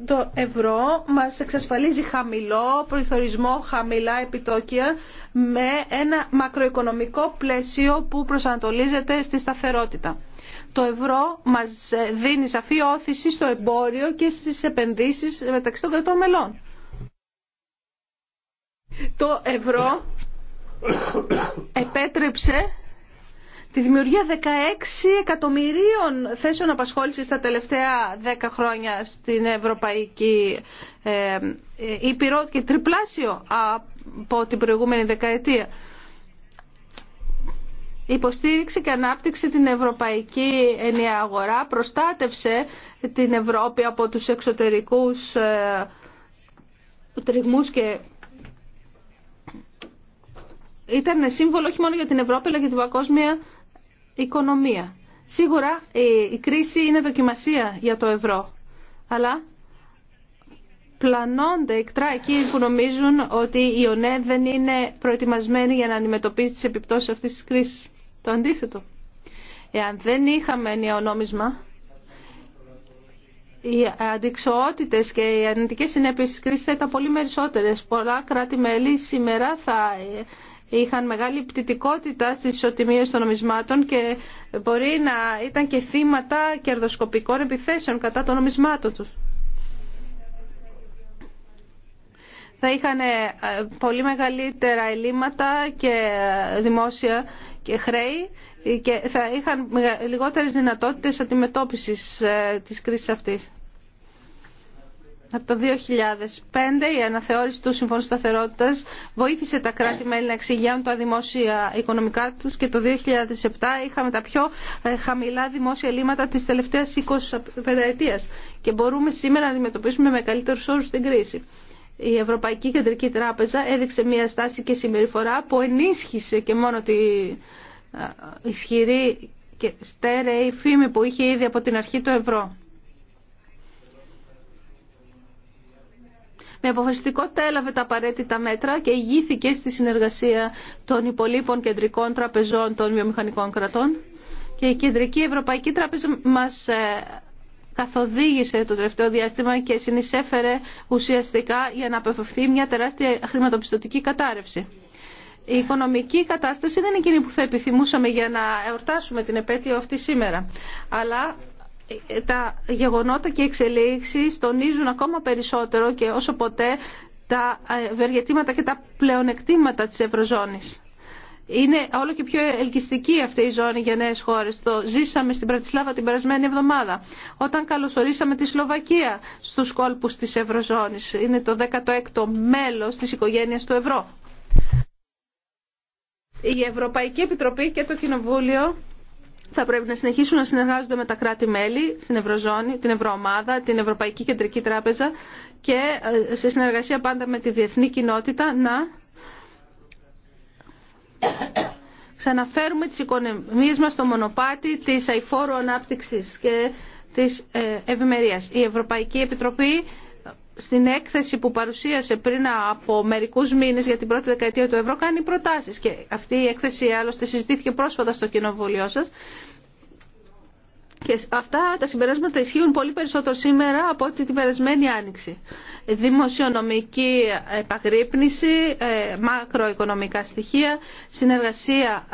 το ευρώ μας εξασφαλίζει χαμηλό πληθωρισμό, χαμηλά επιτόκια με ένα μακροοικονομικό πλαίσιο που προσανατολίζεται στη σταθερότητα. Το ευρώ μας δίνει σαφή όθηση στο εμπόριο και στις επενδύσεις μεταξύ των κρατών μελών. Το ευρώ επέτρεψε τη δημιουργία 16 εκατομμυρίων θέσεων απασχόλησης τα τελευταία 10 χρόνια στην Ευρωπαϊκή ε, ε, Ήπειρο και τριπλάσιο από την προηγούμενη δεκαετία. Υποστήριξε και ανάπτυξε την ευρωπαϊκή ενιαία αγορά, προστάτευσε την Ευρώπη από τους εξωτερικούς ε, τριγμούς και ήταν σύμβολο όχι μόνο για την Ευρώπη αλλά και την παγκόσμια οικονομία. Σίγουρα η κρίση είναι δοκιμασία για το ευρώ, αλλά πλανώνται εκτρά εκεί που νομίζουν ότι η ΟΝΕ δεν είναι προετοιμασμένη για να αντιμετωπίσει τις επιπτώσεις αυτής της κρίσης. Το αντίθετο. Εάν δεν είχαμε νόμισμα, οι αντικσοότητες και οι αρνητικές συνέπειες της κρίσης θα ήταν πολύ περισσότερες. Πολλά κράτη-μέλη σήμερα θα ε, είχαν μεγάλη πτητικότητα στις ισοτιμίες των νομισμάτων και μπορεί να ήταν και θύματα κερδοσκοπικών επιθέσεων κατά των νομισμάτων τους. θα είχαν ε, πολύ μεγαλύτερα ελλείμματα και ε, δημόσια και χρέη και θα είχαν λιγότερες δυνατότητες αντιμετώπισης ε, της κρίσης αυτής. Από το 2005 η αναθεώρηση του Συμφώνου Σταθερότητα βοήθησε τα κράτη-μέλη να εξηγιάνουν τα δημόσια οικονομικά του και το 2007 είχαμε τα πιο ε, χαμηλά δημόσια ελλείμματα τη τελευταία 20 πενταετία. Και μπορούμε σήμερα να αντιμετωπίσουμε με καλύτερου όρου την κρίση. Η Ευρωπαϊκή Κεντρική Τράπεζα έδειξε μια στάση και συμπεριφορά που ενίσχυσε και μόνο τη ε, ισχυρή και στέρεη φήμη που είχε ήδη από την αρχή το ευρώ. με αποφασιστικότητα έλαβε τα απαραίτητα μέτρα και ηγήθηκε στη συνεργασία των υπολείπων κεντρικών τραπεζών των βιομηχανικών κρατών και η Κεντρική Ευρωπαϊκή Τράπεζα μας ε, καθοδήγησε το τελευταίο διάστημα και συνεισέφερε ουσιαστικά για να απευθυνθεί μια τεράστια χρηματοπιστωτική κατάρρευση. Η οικονομική κατάσταση δεν είναι εκείνη που θα επιθυμούσαμε για να εορτάσουμε την επέτειο αυτή σήμερα. Αλλά τα γεγονότα και εξελίξεις τονίζουν ακόμα περισσότερο και όσο ποτέ τα ε, ευεργετήματα και τα πλεονεκτήματα της Ευρωζώνης. Είναι όλο και πιο ελκυστική αυτή η ζώνη για νέες χώρες. Το ζήσαμε στην Πρατισλάβα την περασμένη εβδομάδα, όταν καλωσορίσαμε τη Σλοβακία στους κόλπους της Ευρωζώνης. Είναι το 16ο μέλος της οικογένειας του Ευρώ. Η Ευρωπαϊκή Επιτροπή και το Κοινοβούλιο θα πρέπει να συνεχίσουν να συνεργάζονται με τα κράτη-μέλη στην Ευρωζώνη, την Ευρωομάδα, την Ευρωπαϊκή Κεντρική Τράπεζα και ε, σε συνεργασία πάντα με τη διεθνή κοινότητα να ξαναφέρουμε τις οικονομίες μας στο μονοπάτι της αηφόρου ανάπτυξης και της ε, ευημερίας. Η Ευρωπαϊκή Επιτροπή στην έκθεση που παρουσίασε πριν από μερικούς μήνες για την πρώτη δεκαετία του ευρώ κάνει προτάσεις και αυτή η έκθεση άλλωστε συζητήθηκε πρόσφατα στο κοινοβούλιο σας και αυτά τα συμπεράσματα ισχύουν πολύ περισσότερο σήμερα από ό,τι την περασμένη άνοιξη. Δημοσιονομική επαγρύπνηση, ε, μακροοικονομικά στοιχεία, συνεργασία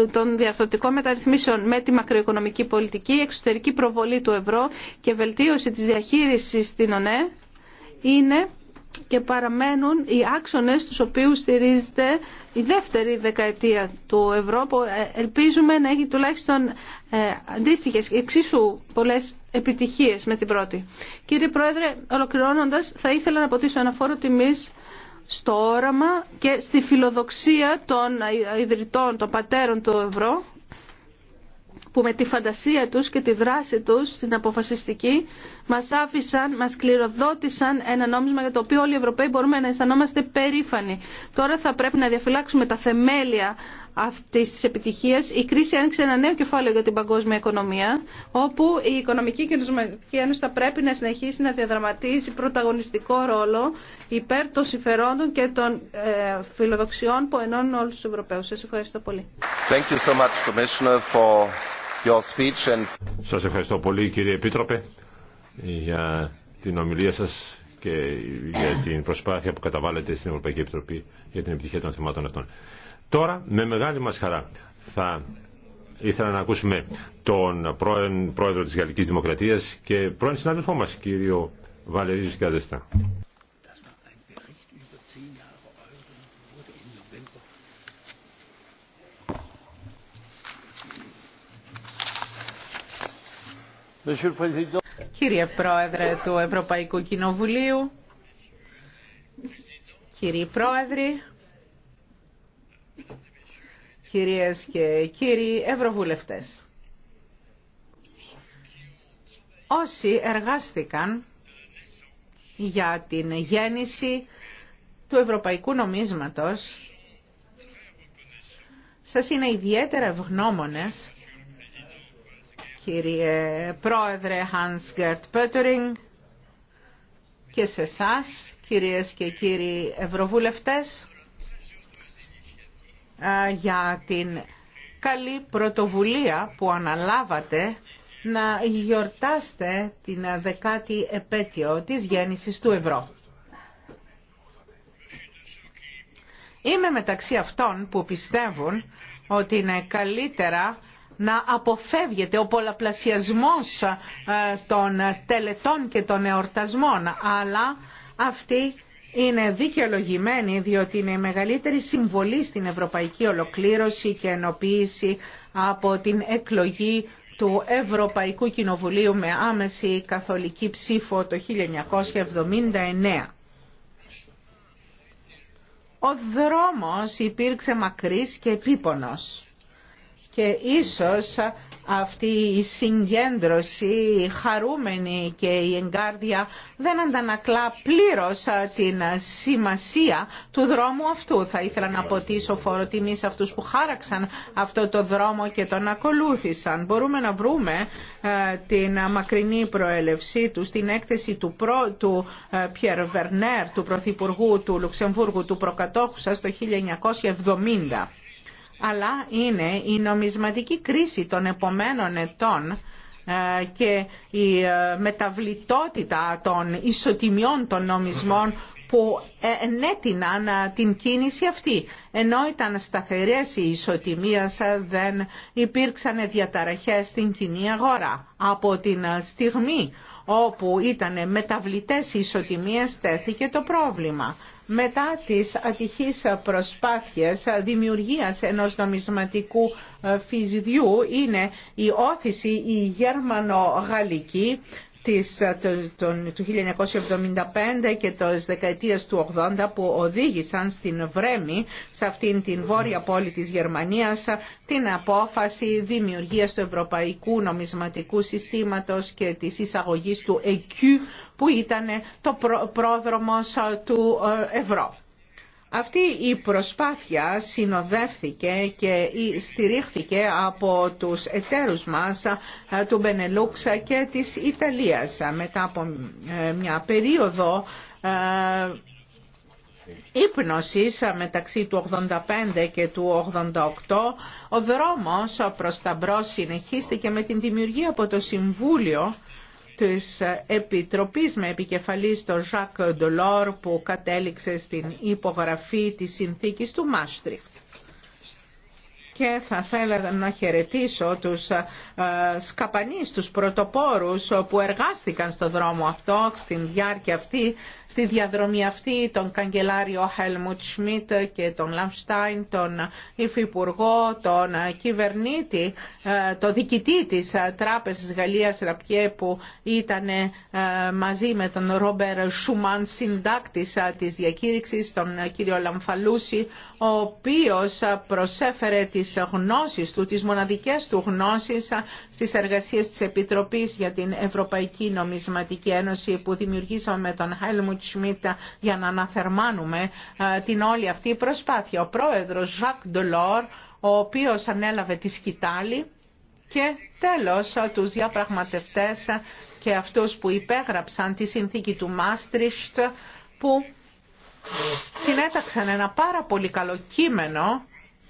ε, των διαρθρωτικών μεταρρυθμίσεων με τη μακροοικονομική πολιτική, εξωτερική προβολή του ευρώ και βελτίωση της διαχείρισης στην ΟΝΕ είναι και παραμένουν οι άξονες στους οποίους στηρίζεται η δεύτερη δεκαετία του ευρώ ε, ελπίζουμε να έχει τουλάχιστον ε, αντίστοιχες εξίσου πολλές επιτυχίες με την πρώτη. Κύριε Πρόεδρε, ολοκληρώνοντας θα ήθελα να ποτίσω ένα φόρο τιμής στο όραμα και στη φιλοδοξία των ιδρυτών, των πατέρων του ευρώ που με τη φαντασία τους και τη δράση τους, την αποφασιστική, μας άφησαν, μας κληροδότησαν ένα νόμισμα για το οποίο όλοι οι Ευρωπαίοι μπορούμε να αισθανόμαστε περήφανοι. Τώρα θα πρέπει να διαφυλάξουμε τα θεμέλια αυτή τη επιτυχία. Η κρίση άνοιξε ένα νέο κεφάλαιο για την παγκόσμια οικονομία, όπου η Οικονομική και Ένωση θα πρέπει να συνεχίσει να διαδραματίζει πρωταγωνιστικό ρόλο υπέρ των συμφερόντων και των ε, φιλοδοξιών που ενώνουν όλου του Ευρωπαίου. Σα ευχαριστώ πολύ. Σας ευχαριστώ πολύ κύριε Επίτροπε για την ομιλία σας και για την προσπάθεια που καταβάλλετε στην Ευρωπαϊκή Επιτροπή για την επιτυχία των θεμάτων αυτών. Τώρα, με μεγάλη μας χαρά, θα ήθελα να ακούσουμε τον πρώην πρόεδρο της Γαλλικής Δημοκρατίας και πρώην συνάδελφό μας, κύριο Βαλερίζη Καδεστά. Κύριε Πρόεδρε του Ευρωπαϊκού Κοινοβουλίου, κύριοι Πρόεδροι, κυρίες και κύριοι Ευρωβουλευτές. Όσοι εργάστηκαν για την γέννηση του Ευρωπαϊκού Νομίσματος, σας είναι ιδιαίτερα ευγνώμονες κύριε Πρόεδρε Hans Gert Pöttering και σε εσά, κυρίες και κύριοι Ευρωβουλευτές για την καλή πρωτοβουλία που αναλάβατε να γιορτάστε την δεκάτη επέτειο της γέννησης του ευρώ. Είμαι μεταξύ αυτών που πιστεύουν ότι είναι καλύτερα να αποφεύγεται ο πολλαπλασιασμός ε, των τελετών και των εορτασμών, αλλά αυτή είναι δικαιολογημένη διότι είναι η μεγαλύτερη συμβολή στην ευρωπαϊκή ολοκλήρωση και ενοποίηση από την εκλογή του Ευρωπαϊκού Κοινοβουλίου με άμεση καθολική ψήφο το 1979. Ο δρόμος υπήρξε μακρύς και επίπονος και ίσως αυτή η συγκέντρωση, η χαρούμενη και η εγκάρδια δεν αντανακλά πλήρως την σημασία του δρόμου αυτού. Θα ήθελα να ποτίσω φόρο τιμή σε αυτούς που χάραξαν αυτό το δρόμο και τον ακολούθησαν. Μπορούμε να βρούμε ε, την μακρινή προέλευσή του στην έκθεση του, προ, του Πιερ Βερνέρ, του Πρωθυπουργού του Λουξεμβούργου, του Προκατόχου σας το 1970 αλλά είναι η νομισματική κρίση των επομένων ετών ε, και η ε, μεταβλητότητα των ισοτιμιών των νομισμών που ε, ενέτειναν την κίνηση αυτή. Ενώ ήταν σταθερές οι ισοτιμίες δεν υπήρξαν διαταραχές στην κοινή αγορά. Από την στιγμή όπου ήταν μεταβλητές οι ισοτιμίες τέθηκε το πρόβλημα μετά τις ατυχείς προσπάθειες δημιουργίας ενός νομισματικού ε, φυσιδιού είναι η όθηση η γερμανο της, ε, του 1975 και της δεκαετίας του 80 που οδήγησαν στην Βρέμη, σε αυτήν την βόρεια πόλη της Γερμανίας, την απόφαση δημιουργίας του Ευρωπαϊκού Νομισματικού Συστήματος και της εισαγωγής του Εκιού, που ήταν το πρόδρομος ε, του ε, ευρώ. Αυτή η προσπάθεια συνοδεύθηκε και στηρίχθηκε από τους εταίρους μας του Μπενελούξ και της Ιταλίας μετά από ε, μια περίοδο ε, ύπνωσης μεταξύ του 85 και του 88 ο δρόμος προς τα μπρος συνεχίστηκε με την δημιουργία από το Συμβούλιο της Επιτροπής με επικεφαλής τον Ζακ Ντολόρ που κατέληξε στην υπογραφή της συνθήκης του Μάστριχτ και θα θέλα να χαιρετήσω τους ε, σκαπανείς, τους πρωτοπόρους που εργάστηκαν στο δρόμο αυτό, στην διάρκεια αυτή, στη διαδρομή αυτή, τον καγκελάριο Χέλμουτ Σμιτ και τον Λαμφστάιν, τον υφυπουργό, τον ε, κυβερνήτη, ε, το διοικητή της Τράπεζας Γαλλίας Ραπιέ που ήταν μαζί με τον Ρόμπερ Σουμάν συντάκτης της διακήρυξης, τον κύριο Λαμφαλούση, ο οποίος προσέφερε τη τις γνώσεις του, τις μοναδικές του γνώσεις στις εργασίες της Επιτροπής για την Ευρωπαϊκή Νομισματική Ένωση που δημιουργήσαμε με τον Χάιλμουτ Σμιτ για να αναθερμάνουμε ε, την όλη αυτή η προσπάθεια. Ο πρόεδρος Ζακ Ντολόρ, ο οποίος ανέλαβε τη σκητάλη και τέλος ε, τους διαπραγματευτές και αυτούς που υπέγραψαν τη συνθήκη του Μάστριστ που συνέταξαν ένα πάρα πολύ καλό κείμενο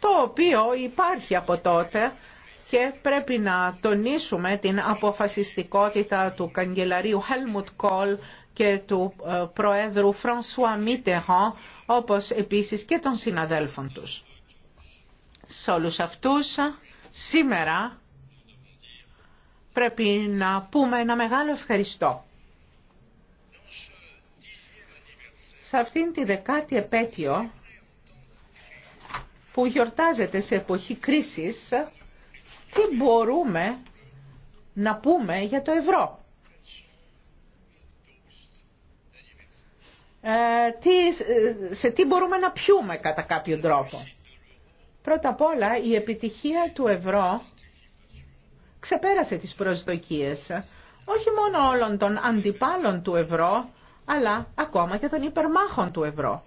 το οποίο υπάρχει από τότε και πρέπει να τονίσουμε την αποφασιστικότητα του καγκελαρίου Helmut Kohl και του ε, Προέδρου Φρανσουά Mitterrand, όπως επίσης και των συναδέλφων τους. Σε όλους αυτούς, σήμερα πρέπει να πούμε ένα μεγάλο ευχαριστώ. Σε αυτήν τη δεκάτη επέτειο που γιορτάζεται σε εποχή κρίσης, τι μπορούμε να πούμε για το ευρώ. Ε, σε τι μπορούμε να πιούμε κατά κάποιο τρόπο. Πρώτα απ' όλα η επιτυχία του ευρώ ξεπέρασε τις προσδοκίες όχι μόνο όλων των αντιπάλων του ευρώ αλλά ακόμα και των υπερμάχων του ευρώ.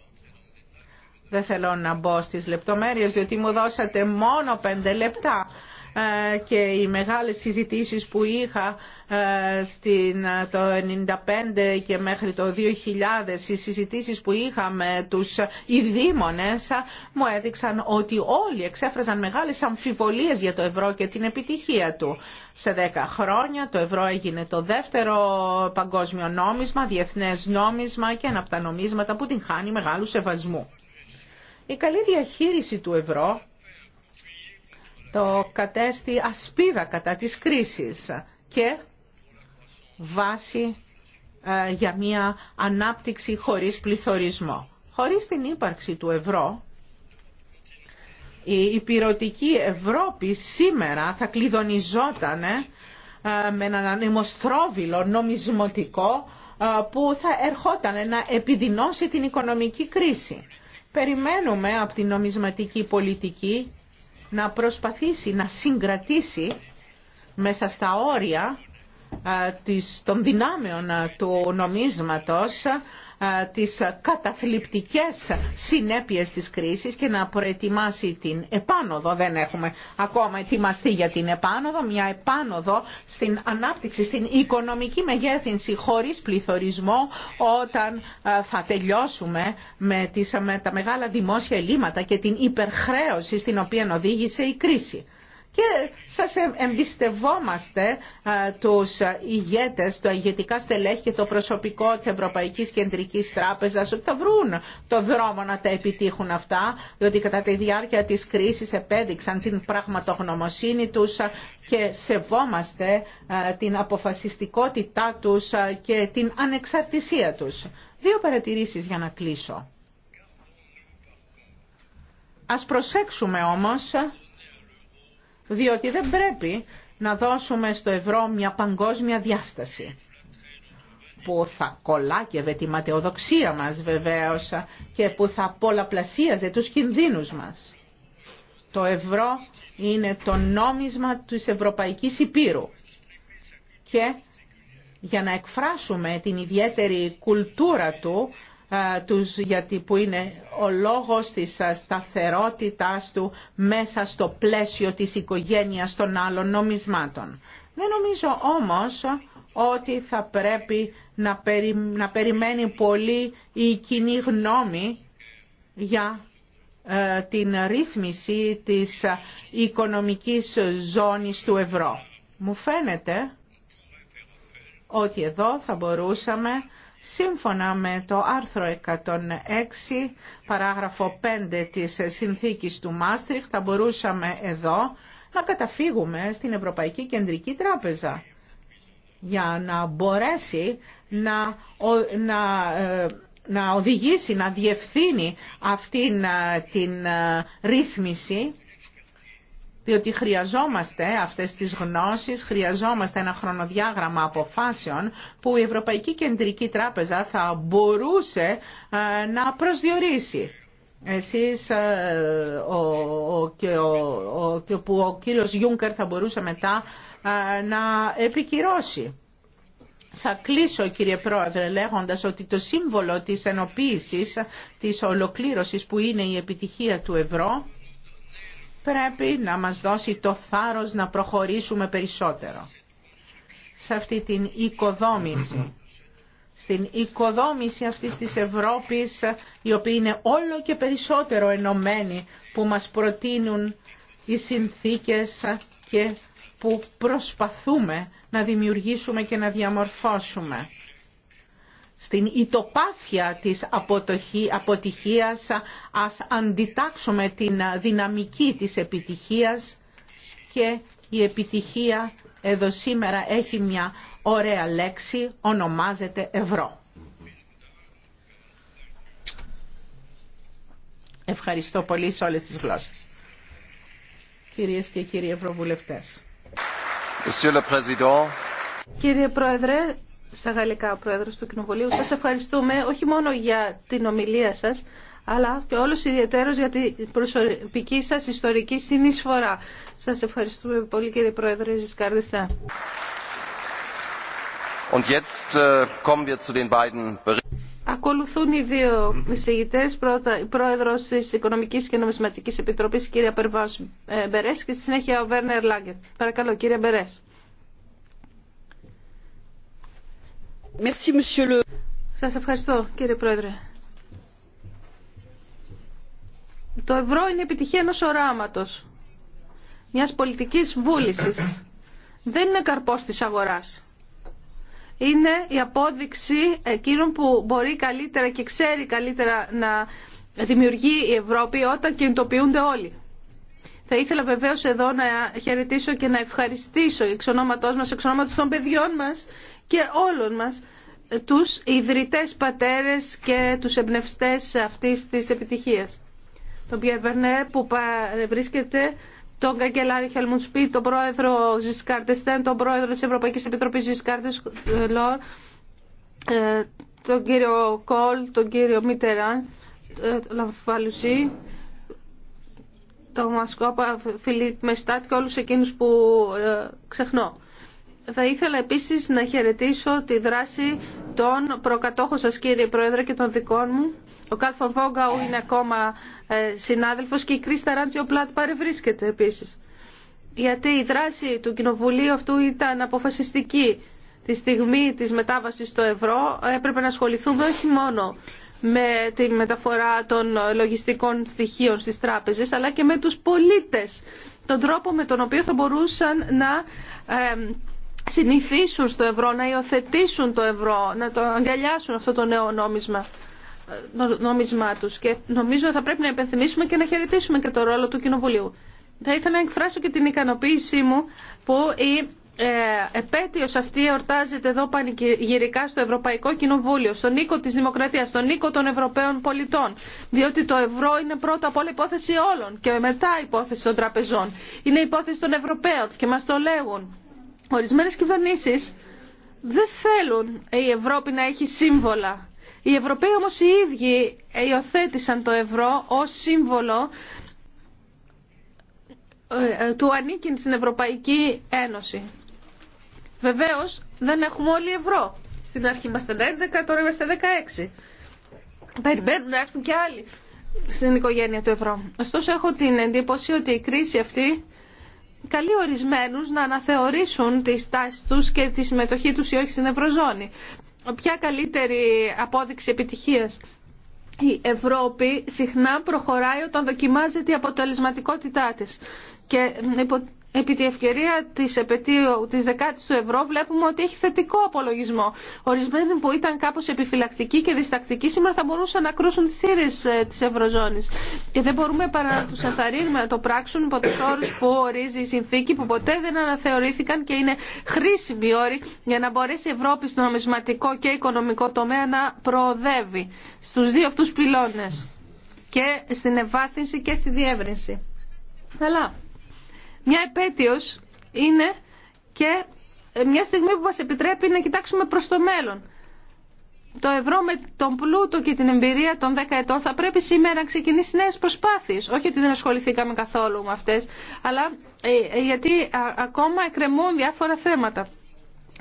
Δεν θέλω να μπω στις λεπτομέρειες, διότι μου δώσατε μόνο πέντε λεπτά ε, και οι μεγάλες συζητήσεις που είχα ε, στην, ε, το 1995 και μέχρι το 2000, οι συζητήσεις που είχα με τους ειδήμονες μου έδειξαν ότι όλοι εξέφραζαν μεγάλες αμφιβολίες για το ευρώ και την επιτυχία του. Σε 10 χρόνια το ευρώ έγινε το δεύτερο παγκόσμιο νόμισμα, διεθνές νόμισμα και ένα από τα νομίσματα που την χάνει μεγάλου σεβασμού. Η καλή διαχείριση του ευρώ το κατέστη ασπίδα κατά της κρίσης και βάση ε, για μια ανάπτυξη χωρίς πληθωρισμό. Χωρίς την ύπαρξη του ευρώ, η υπηρετική Ευρώπη σήμερα θα κλειδονιζόταν ε, με έναν ανεμοστρόβιλο νομισματικό ε, που θα ερχόταν να επιδεινώσει την οικονομική κρίση. Περιμένουμε από την νομισματική πολιτική να προσπαθήσει να συγκρατήσει μέσα στα όρια των δυνάμεων του νομίσματος ε, τις καταθλιπτικές συνέπειες της κρίσης και να προετοιμάσει την επάνωδο. Δεν έχουμε ακόμα ετοιμαστεί για την επάνωδο, μια επάνωδο στην ανάπτυξη, στην οικονομική μεγέθυνση χωρίς πληθωρισμό όταν ε, θα τελειώσουμε με, τις, με τα μεγάλα δημόσια ελλείμματα και την υπερχρέωση στην οποία οδήγησε η κρίση και σας εμπιστευόμαστε τους ηγέτες, το ηγετικά στελέχη και το προσωπικό της Ευρωπαϊκής Κεντρικής Τράπεζας ότι θα βρουν το δρόμο να τα επιτύχουν αυτά, διότι κατά τη διάρκεια της κρίσης επέδειξαν την πραγματογνωμοσύνη τους και σεβόμαστε την αποφασιστικότητά τους και την ανεξαρτησία τους. Δύο παρατηρήσεις για να κλείσω. Ας προσέξουμε όμως διότι δεν πρέπει να δώσουμε στο ευρώ μια παγκόσμια διάσταση που θα κολάκευε τη ματαιοδοξία μας βεβαίως και που θα πολλαπλασίαζε τους κινδύνους μας. Το ευρώ είναι το νόμισμα της Ευρωπαϊκής Υπήρου και για να εκφράσουμε την ιδιαίτερη κουλτούρα του ε, τους, γιατί που είναι ο λόγος της ε, σταθερότητάς του μέσα στο πλαίσιο της οικογένειας των άλλων νομισμάτων. Δεν νομίζω όμως ότι θα πρέπει να, να περιμένει πολύ η κοινή γνώμη για ε, την ρύθμιση της οικονομικής ζώνης του ευρώ. Μου φαίνεται ότι εδώ θα μπορούσαμε Σύμφωνα με το άρθρο 106, παράγραφο 5 της συνθήκης του Μάστριχ, θα μπορούσαμε εδώ να καταφύγουμε στην Ευρωπαϊκή Κεντρική Τράπεζα για να μπορέσει να, να, ε, να οδηγήσει, να διευθύνει αυτήν ε, την ε, ρύθμιση διότι χρειαζόμαστε αυτές τις γνώσεις, χρειαζόμαστε ένα χρονοδιάγραμμα αποφάσεων που η Ευρωπαϊκή Κεντρική Τράπεζα θα μπορούσε ε, να προσδιορίσει. Εσείς ε, ο, και, ο, και που ο κύριος Γιούγκερ θα μπορούσε μετά ε, να επικυρώσει. Θα κλείσω κύριε Πρόεδρε λέγοντας ότι το σύμβολο της ενοποίησης, της ολοκλήρωσης που είναι η επιτυχία του ευρώ πρέπει να μας δώσει το θάρρος να προχωρήσουμε περισσότερο σε αυτή την οικοδόμηση στην οικοδόμηση αυτής της Ευρώπης, η οποία είναι όλο και περισσότερο ενωμένη, που μας προτείνουν οι συνθήκες και που προσπαθούμε να δημιουργήσουμε και να διαμορφώσουμε στην ητοπάθεια της αποτυχίας ας αντιτάξουμε την δυναμική της επιτυχίας και η επιτυχία εδώ σήμερα έχει μια ωραία λέξη, ονομάζεται ευρώ. Ευχαριστώ πολύ σε όλες τις γλώσσες. Κυρίες και κύριοι Ευρωβουλευτές. Κύριε Πρόεδρε, στα γαλλικά ο του Κοινοβουλίου. Σας ευχαριστούμε όχι μόνο για την ομιλία σας, αλλά και όλους ιδιαιτέρως για την προσωπική σας ιστορική συνεισφορά. Σας ευχαριστούμε πολύ κύριε Πρόεδρε Ζησκάρδιστα. Äh, Ακολουθούν οι δύο εισηγητέ, πρώτα η πρόεδρο τη Οικονομική και Νομισματική Επιτροπή, κυρία Περβά ε, Μπερέ, και στη συνέχεια ο Βέρνερ Λάγκερ. Παρακαλώ, κύριε Μπερέ. Σας ευχαριστώ κύριε Πρόεδρε. Το ευρώ είναι επιτυχία ενός οράματος, μιας πολιτικής βούλησης. Δεν είναι καρπός της αγοράς. Είναι η απόδειξη εκείνων που μπορεί καλύτερα και ξέρει καλύτερα να δημιουργεί η Ευρώπη όταν κινητοποιούνται όλοι. Θα ήθελα βεβαίω εδώ να χαιρετήσω και να ευχαριστήσω εξ ονόματός μας, εξ των παιδιών μας και όλων μας τους ιδρυτές πατέρες και τους εμπνευστές αυτής της επιτυχίας. Τον Πιεβερνέ που βρίσκεται τον καγκελάρη Χελμουντ τον πρόεδρο Ζισκάρτεστεν, τον πρόεδρο της Ευρωπαϊκής Επιτροπής Λόρ, ε, τον κύριο Κόλ, τον κύριο Μίτεραν, ε, τον Λαμφαλουσί, τον Μασκόπα, Φιλίπ Μεστάτ και όλους εκείνους που ε, ξεχνώ. Θα ήθελα επίσης να χαιρετήσω τη δράση των προκατόχων σας κύριε Πρόεδρε και των δικών μου. Ο Κάλφον Βόγκαου είναι ακόμα ε, συνάδελφος και η Κρίστα Ράντζιο Πλάτ παρευρίσκεται επίσης. Γιατί η δράση του Κοινοβουλίου αυτού ήταν αποφασιστική. Τη στιγμή της μετάβασης στο ευρώ έπρεπε να ασχοληθούμε όχι μόνο με τη μεταφορά των λογιστικών στοιχείων στις τράπεζες αλλά και με τους πολίτες τον τρόπο με τον οποίο θα μπορούσαν να ε, συνηθίσουν στο ευρώ, να υιοθετήσουν το ευρώ, να το αγκαλιάσουν αυτό το νέο νόμισμα, ε, νόμισμά τους. Και νομίζω θα πρέπει να υπενθυμίσουμε και να χαιρετήσουμε και το ρόλο του Κοινοβουλίου. Θα ήθελα να εκφράσω και την ικανοποίησή μου που η ε, επέτειος αυτή εορτάζεται εδώ πανηγυρικά στο Ευρωπαϊκό Κοινοβούλιο, στον οίκο της Δημοκρατίας, στον οίκο των Ευρωπαίων πολιτών. Διότι το ευρώ είναι πρώτα απ' όλα υπόθεση όλων και μετά υπόθεση των τραπεζών. Είναι υπόθεση των Ευρωπαίων και μας το λέγουν. Ορισμένες κυβερνήσεις δεν θέλουν η Ευρώπη να έχει σύμβολα. Οι Ευρωπαίοι όμως οι ίδιοι υιοθέτησαν το ευρώ ως σύμβολο ε, ε, του ανήκει στην Ευρωπαϊκή Ένωση. Βεβαίως δεν έχουμε όλοι ευρώ. Στην αρχή είμαστε 11, τώρα είμαστε 16. Περιμένουν να έρθουν και άλλοι στην οικογένεια του ευρώ. Ωστόσο έχω την εντύπωση ότι η κρίση αυτή καλεί ορισμένους να αναθεωρήσουν τι τάσει τους και τη συμμετοχή τους ή όχι στην Ευρωζώνη. Ποια καλύτερη απόδειξη επιτυχίας. Η Ευρώπη συχνά προχωράει όταν δοκιμάζεται η αποτελεσματικότητά της. Και επί τη ευκαιρία της επαιτίου της δεκάτης του ευρώ βλέπουμε ότι έχει θετικό απολογισμό. Ορισμένοι που ήταν κάπως επιφυλακτικοί και διστακτικοί σήμερα θα μπορούσαν να κρούσουν τι θύρε ε, της Ευρωζώνης. Και δεν μπορούμε παρά να τους ενθαρρύνουμε να το πράξουν υπό τους όρους που ορίζει η συνθήκη που ποτέ δεν αναθεωρήθηκαν και είναι χρήσιμοι όροι για να μπορέσει η Ευρώπη στο νομισματικό και οικονομικό τομέα να προοδεύει στους δύο αυτούς πυλώνες και στην ευάθυνση και στη διεύρυνση. Αλλά μια επέτειος είναι και ε, μια στιγμή που μας επιτρέπει να κοιτάξουμε προς το μέλλον. Το ευρώ με τον πλούτο και την εμπειρία των 10 ετών θα πρέπει σήμερα να ξεκινήσει νέε προσπάθειες. Όχι ότι δεν ασχοληθήκαμε καθόλου με αυτές, αλλά ε, ε, γιατί ακόμα εκκρεμούν διάφορα θέματα.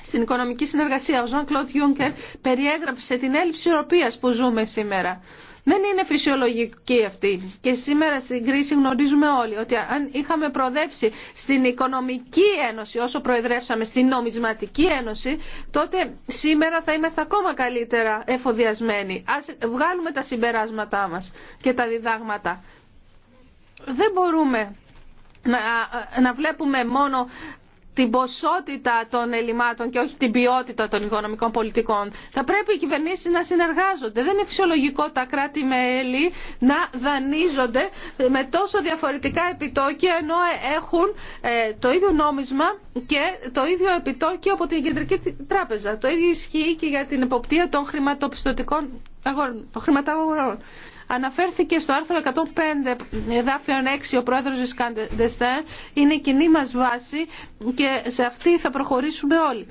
Στην οικονομική συνεργασία ο Ζων Κλοντ Ιούνκερ περιέγραψε την έλλειψη ευρωπίας που ζούμε σήμερα. Δεν είναι φυσιολογική αυτή. Και σήμερα στην κρίση γνωρίζουμε όλοι ότι αν είχαμε προοδεύσει στην Οικονομική Ένωση όσο προεδρεύσαμε στην Νομισματική Ένωση, τότε σήμερα θα είμαστε ακόμα καλύτερα εφοδιασμένοι. Α βγάλουμε τα συμπεράσματά μας και τα διδάγματα. Δεν μπορούμε να, να βλέπουμε μόνο την ποσότητα των ελλημάτων και όχι την ποιότητα των οικονομικών πολιτικών. Θα πρέπει οι κυβερνήσει να συνεργάζονται. Δεν είναι φυσιολογικό τα κράτη-μέλη να δανείζονται με τόσο διαφορετικά επιτόκια ενώ έχουν ε, το ίδιο νόμισμα και το ίδιο επιτόκιο από την Κεντρική Τράπεζα. Το ίδιο ισχύει και για την εποπτεία των χρηματοπιστωτικών αγορών, Αναφέρθηκε στο άρθρο 105 εδάφιον 6 ο πρόεδρος της Είναι η κοινή μας βάση και σε αυτή θα προχωρήσουμε όλοι.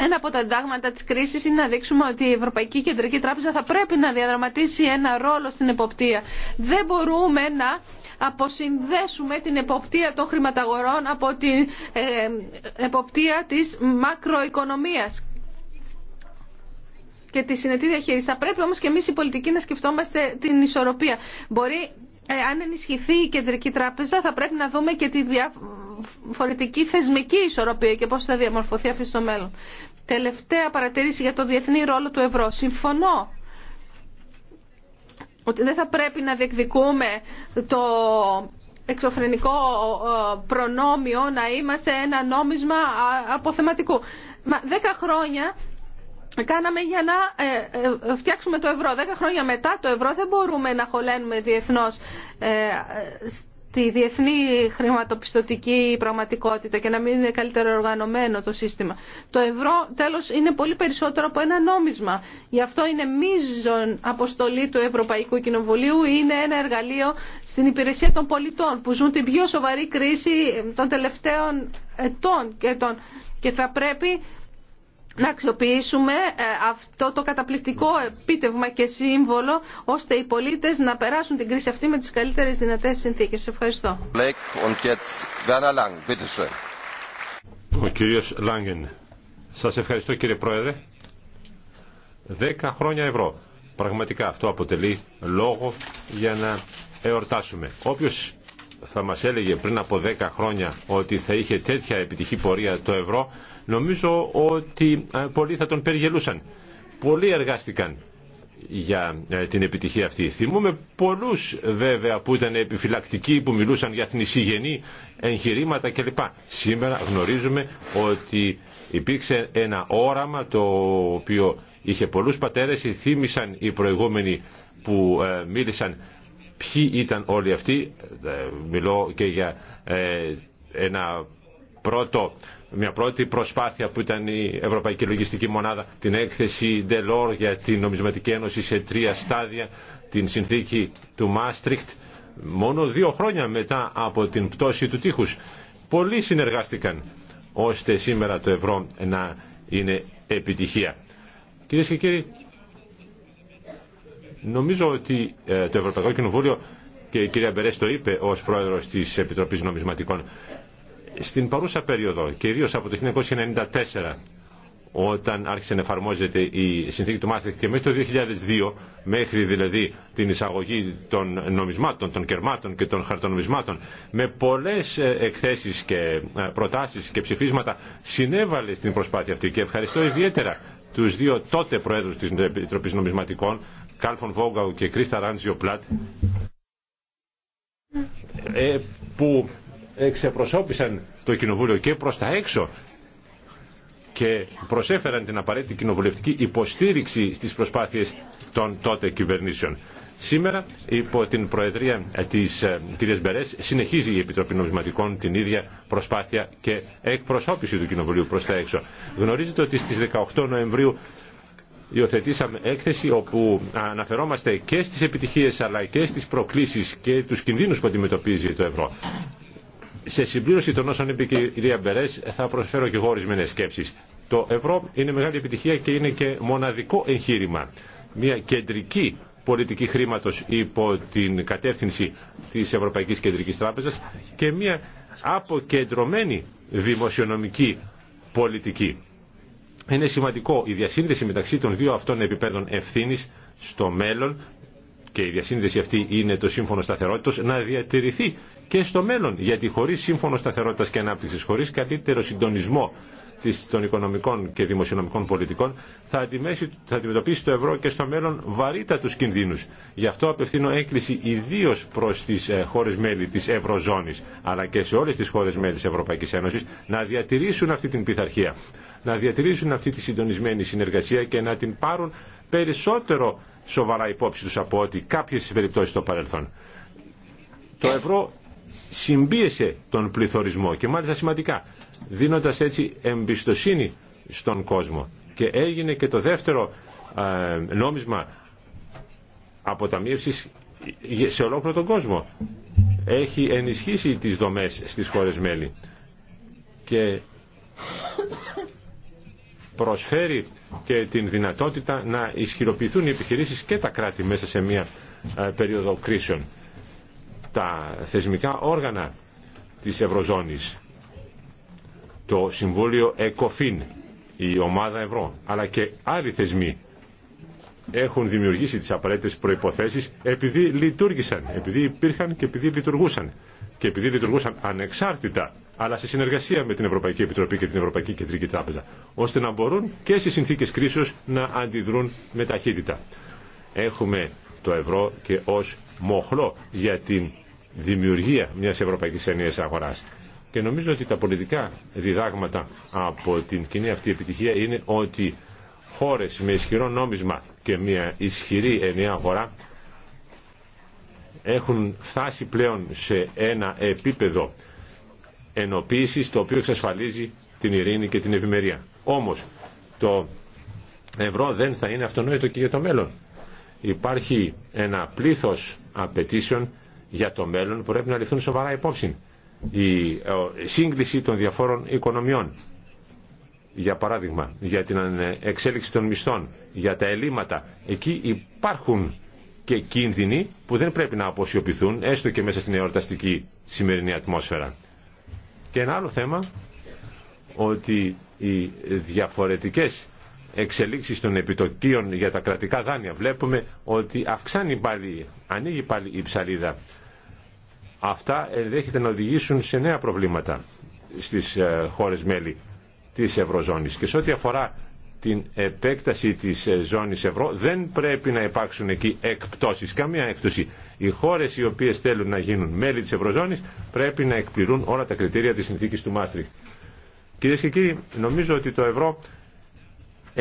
Ένα από τα εντάγματα της κρίσης είναι να δείξουμε ότι η Ευρωπαϊκή Κεντρική Τράπεζα θα πρέπει να διαδραματίσει ένα ρόλο στην εποπτεία. Δεν μπορούμε να αποσυνδέσουμε την εποπτεία των χρηματαγορών από την ε, εποπτεία της μακροοικονομίας και τη συνετή διαχείριση. Θα πρέπει όμως και εμείς οι πολιτικοί να σκεφτόμαστε την ισορροπία. Μπορεί ε, αν ενισχυθεί η Κεντρική Τράπεζα θα πρέπει να δούμε και τη διαφορετική θεσμική ισορροπία και πώς θα διαμορφωθεί αυτή στο μέλλον. Τελευταία παρατηρήση για το διεθνή ρόλο του ευρώ. Συμφωνώ ότι δεν θα πρέπει να διεκδικούμε το εξωφρενικό ε, προνόμιο να είμαστε ένα νόμισμα αποθεματικού. Μα δέκα χρόνια κάναμε για να ε, ε, φτιάξουμε το ευρώ. Δέκα χρόνια μετά το ευρώ δεν μπορούμε να χωλένουμε διεθνώς ε, στη διεθνή χρηματοπιστωτική πραγματικότητα και να μην είναι καλύτερο οργανωμένο το σύστημα. Το ευρώ τέλος είναι πολύ περισσότερο από ένα νόμισμα. Γι' αυτό είναι μίζον αποστολή του Ευρωπαϊκού Κοινοβουλίου. Είναι ένα εργαλείο στην υπηρεσία των πολιτών που ζουν την πιο σοβαρή κρίση των τελευταίων ετών και, ετών. και θα πρέπει να αξιοποιήσουμε ε, αυτό το καταπληκτικό επίτευγμα και σύμβολο ώστε οι πολίτες να περάσουν την κρίση αυτή με τις καλύτερες δυνατές συνθήκες. Ευχαριστώ. Ο κύριος Λάγκεν. Σας ευχαριστώ κύριε Πρόεδρε. Δέκα χρόνια ευρώ. Πραγματικά αυτό αποτελεί λόγο για να εορτάσουμε. Όποιος θα μας έλεγε πριν από δέκα χρόνια ότι θα είχε τέτοια επιτυχή πορεία το ευρώ Νομίζω ότι ε, πολλοί θα τον περιγελούσαν. Πολλοί εργάστηκαν για ε, την επιτυχία αυτή. Θυμούμε πολλούς βέβαια που ήταν επιφυλακτικοί, που μιλούσαν για θνησιγενή εγχειρήματα κλπ. Σήμερα γνωρίζουμε ότι υπήρξε ένα όραμα το οποίο είχε πολλούς πατέρες, θύμισαν οι προηγούμενοι που ε, μίλησαν ποιοι ήταν όλοι αυτοί. Μιλώ και για ένα πρώτο μια πρώτη προσπάθεια που ήταν η Ευρωπαϊκή Λογιστική Μονάδα, την έκθεση Delors για την Νομισματική Ένωση σε τρία στάδια, την συνθήκη του Μάστριχτ, μόνο δύο χρόνια μετά από την πτώση του τείχους. Πολλοί συνεργάστηκαν ώστε σήμερα το ευρώ να είναι επιτυχία. Κυρίε και κύριοι, νομίζω ότι ε, το Ευρωπαϊκό Κοινοβούλιο και η κυρία Μπερέ το είπε ως πρόεδρος της Επιτροπής Νομισματικών στην παρούσα περίοδο και από το 1994 όταν άρχισε να εφαρμόζεται η συνθήκη του Μάστριχτ και μέχρι το 2002, μέχρι δηλαδή την εισαγωγή των νομισμάτων, των κερμάτων και των χαρτονομισμάτων, με πολλές ε, εκθέσεις και ε, προτάσεις και ψηφίσματα συνέβαλε στην προσπάθεια αυτή και ευχαριστώ ιδιαίτερα τους δύο τότε Προέδρους της Επιτροπής Νομισματικών, Κάλφον Βόγκαου και Κρίστα Ράντζιο Πλάτ, ε, που εξεπροσώπησαν το Κοινοβούλιο και προς τα έξω και προσέφεραν την απαραίτητη κοινοβουλευτική υποστήριξη στις προσπάθειες των τότε κυβερνήσεων. Σήμερα, υπό την Προεδρία της ε, κυρίας Μπερές, συνεχίζει η Επιτροπή Νομισματικών την ίδια προσπάθεια και εκπροσώπηση του Κοινοβουλίου προς τα έξω. Γνωρίζετε ότι στις 18 Νοεμβρίου υιοθετήσαμε έκθεση όπου αναφερόμαστε και στις επιτυχίες αλλά και στις προκλήσεις και τους κινδύνους που αντιμετωπίζει το ευρώ σε συμπλήρωση των όσων είπε η κυρία Μπερέ, θα προσφέρω και εγώ ορισμένε σκέψει. Το ευρώ είναι μεγάλη επιτυχία και είναι και μοναδικό εγχείρημα. Μια κεντρική πολιτική χρήματο υπό την κατεύθυνση τη Ευρωπαϊκή Κεντρική Τράπεζα και μια αποκεντρωμένη δημοσιονομική πολιτική. Είναι σημαντικό η διασύνδεση μεταξύ των δύο αυτών επιπέδων ευθύνη στο μέλλον και η διασύνδεση αυτή είναι το σύμφωνο σταθερότητα να διατηρηθεί και στο μέλλον. Γιατί χωρί σύμφωνο σταθερότητα και ανάπτυξη, χωρί καλύτερο συντονισμό των οικονομικών και δημοσιονομικών πολιτικών θα, αντιμετωπίσει το ευρώ και στο μέλλον βαρύτατου κινδύνου. Γι' αυτό απευθύνω έκκληση ιδίω προς τις ε, χώρε μέλη τη Ευρωζώνης αλλά και σε όλε τι χώρε μέλη τη Ευρωπαϊκή Ένωση, να διατηρήσουν αυτή την πειθαρχία, να διατηρήσουν αυτή τη συντονισμένη συνεργασία και να την πάρουν περισσότερο σοβαρά υπόψη τους από ότι κάποιες περιπτώσεις στο παρελθόν. Το ευρώ συμπίεσε τον πληθωρισμό και μάλιστα σημαντικά, δίνοντας έτσι εμπιστοσύνη στον κόσμο. Και έγινε και το δεύτερο νόμισμα αποταμίευσης σε ολόκληρο τον κόσμο. Έχει ενισχύσει τις δομές στις χώρες μέλη και προσφέρει και την δυνατότητα να ισχυροποιηθούν οι επιχειρήσεις και τα κράτη μέσα σε μια περίοδο κρίσεων τα θεσμικά όργανα της Ευρωζώνης, το Συμβούλιο ΕΚΟΦΗΝ, η Ομάδα Ευρώ, αλλά και άλλοι θεσμοί έχουν δημιουργήσει τις απαραίτητες προϋποθέσεις επειδή λειτουργήσαν, επειδή υπήρχαν και επειδή λειτουργούσαν. Και επειδή λειτουργούσαν ανεξάρτητα, αλλά σε συνεργασία με την Ευρωπαϊκή Επιτροπή και την Ευρωπαϊκή Κεντρική Τράπεζα, ώστε να μπορούν και σε συνθήκες κρίσεως να αντιδρούν με ταχύτητα. Έχουμε το ευρώ και ως μοχλό για την δημιουργία μιας Ευρωπαϊκής ενιαίας Αγοράς. Και νομίζω ότι τα πολιτικά διδάγματα από την κοινή αυτή επιτυχία είναι ότι χώρες με ισχυρό νόμισμα και μια ισχυρή ενιαία αγορά έχουν φτάσει πλέον σε ένα επίπεδο ενοποίησης το οποίο εξασφαλίζει την ειρήνη και την ευημερία. Όμως το ευρώ δεν θα είναι αυτονόητο και για το μέλλον. Υπάρχει ένα πλήθος απαιτήσεων για το μέλλον πρέπει να ληφθούν σοβαρά υπόψη. Ε, η σύγκληση των διαφόρων οικονομιών, για παράδειγμα, για την εξέλιξη των μισθών, για τα ελλείμματα, εκεί υπάρχουν και κίνδυνοι που δεν πρέπει να αποσιωπηθούν, έστω και μέσα στην εορταστική σημερινή ατμόσφαιρα. Και ένα άλλο θέμα, ότι οι διαφορετικές εξελίξεις των επιτοκίων για τα κρατικά δάνεια βλέπουμε ότι αυξάνει πάλι, ανοίγει πάλι η ψαλίδα. Αυτά ενδέχεται να οδηγήσουν σε νέα προβλήματα στις ε, χώρες μέλη της Ευρωζώνης. Και σε ό,τι αφορά την επέκταση της ε, ζώνης ευρώ δεν πρέπει να υπάρξουν εκεί εκπτώσεις, καμία έκπτωση. Οι χώρες οι οποίες θέλουν να γίνουν μέλη της Ευρωζώνης πρέπει να εκπληρούν όλα τα κριτήρια της συνθήκης του Μάστριχτ. Κυρίε και κύριοι, νομίζω ότι το ευρώ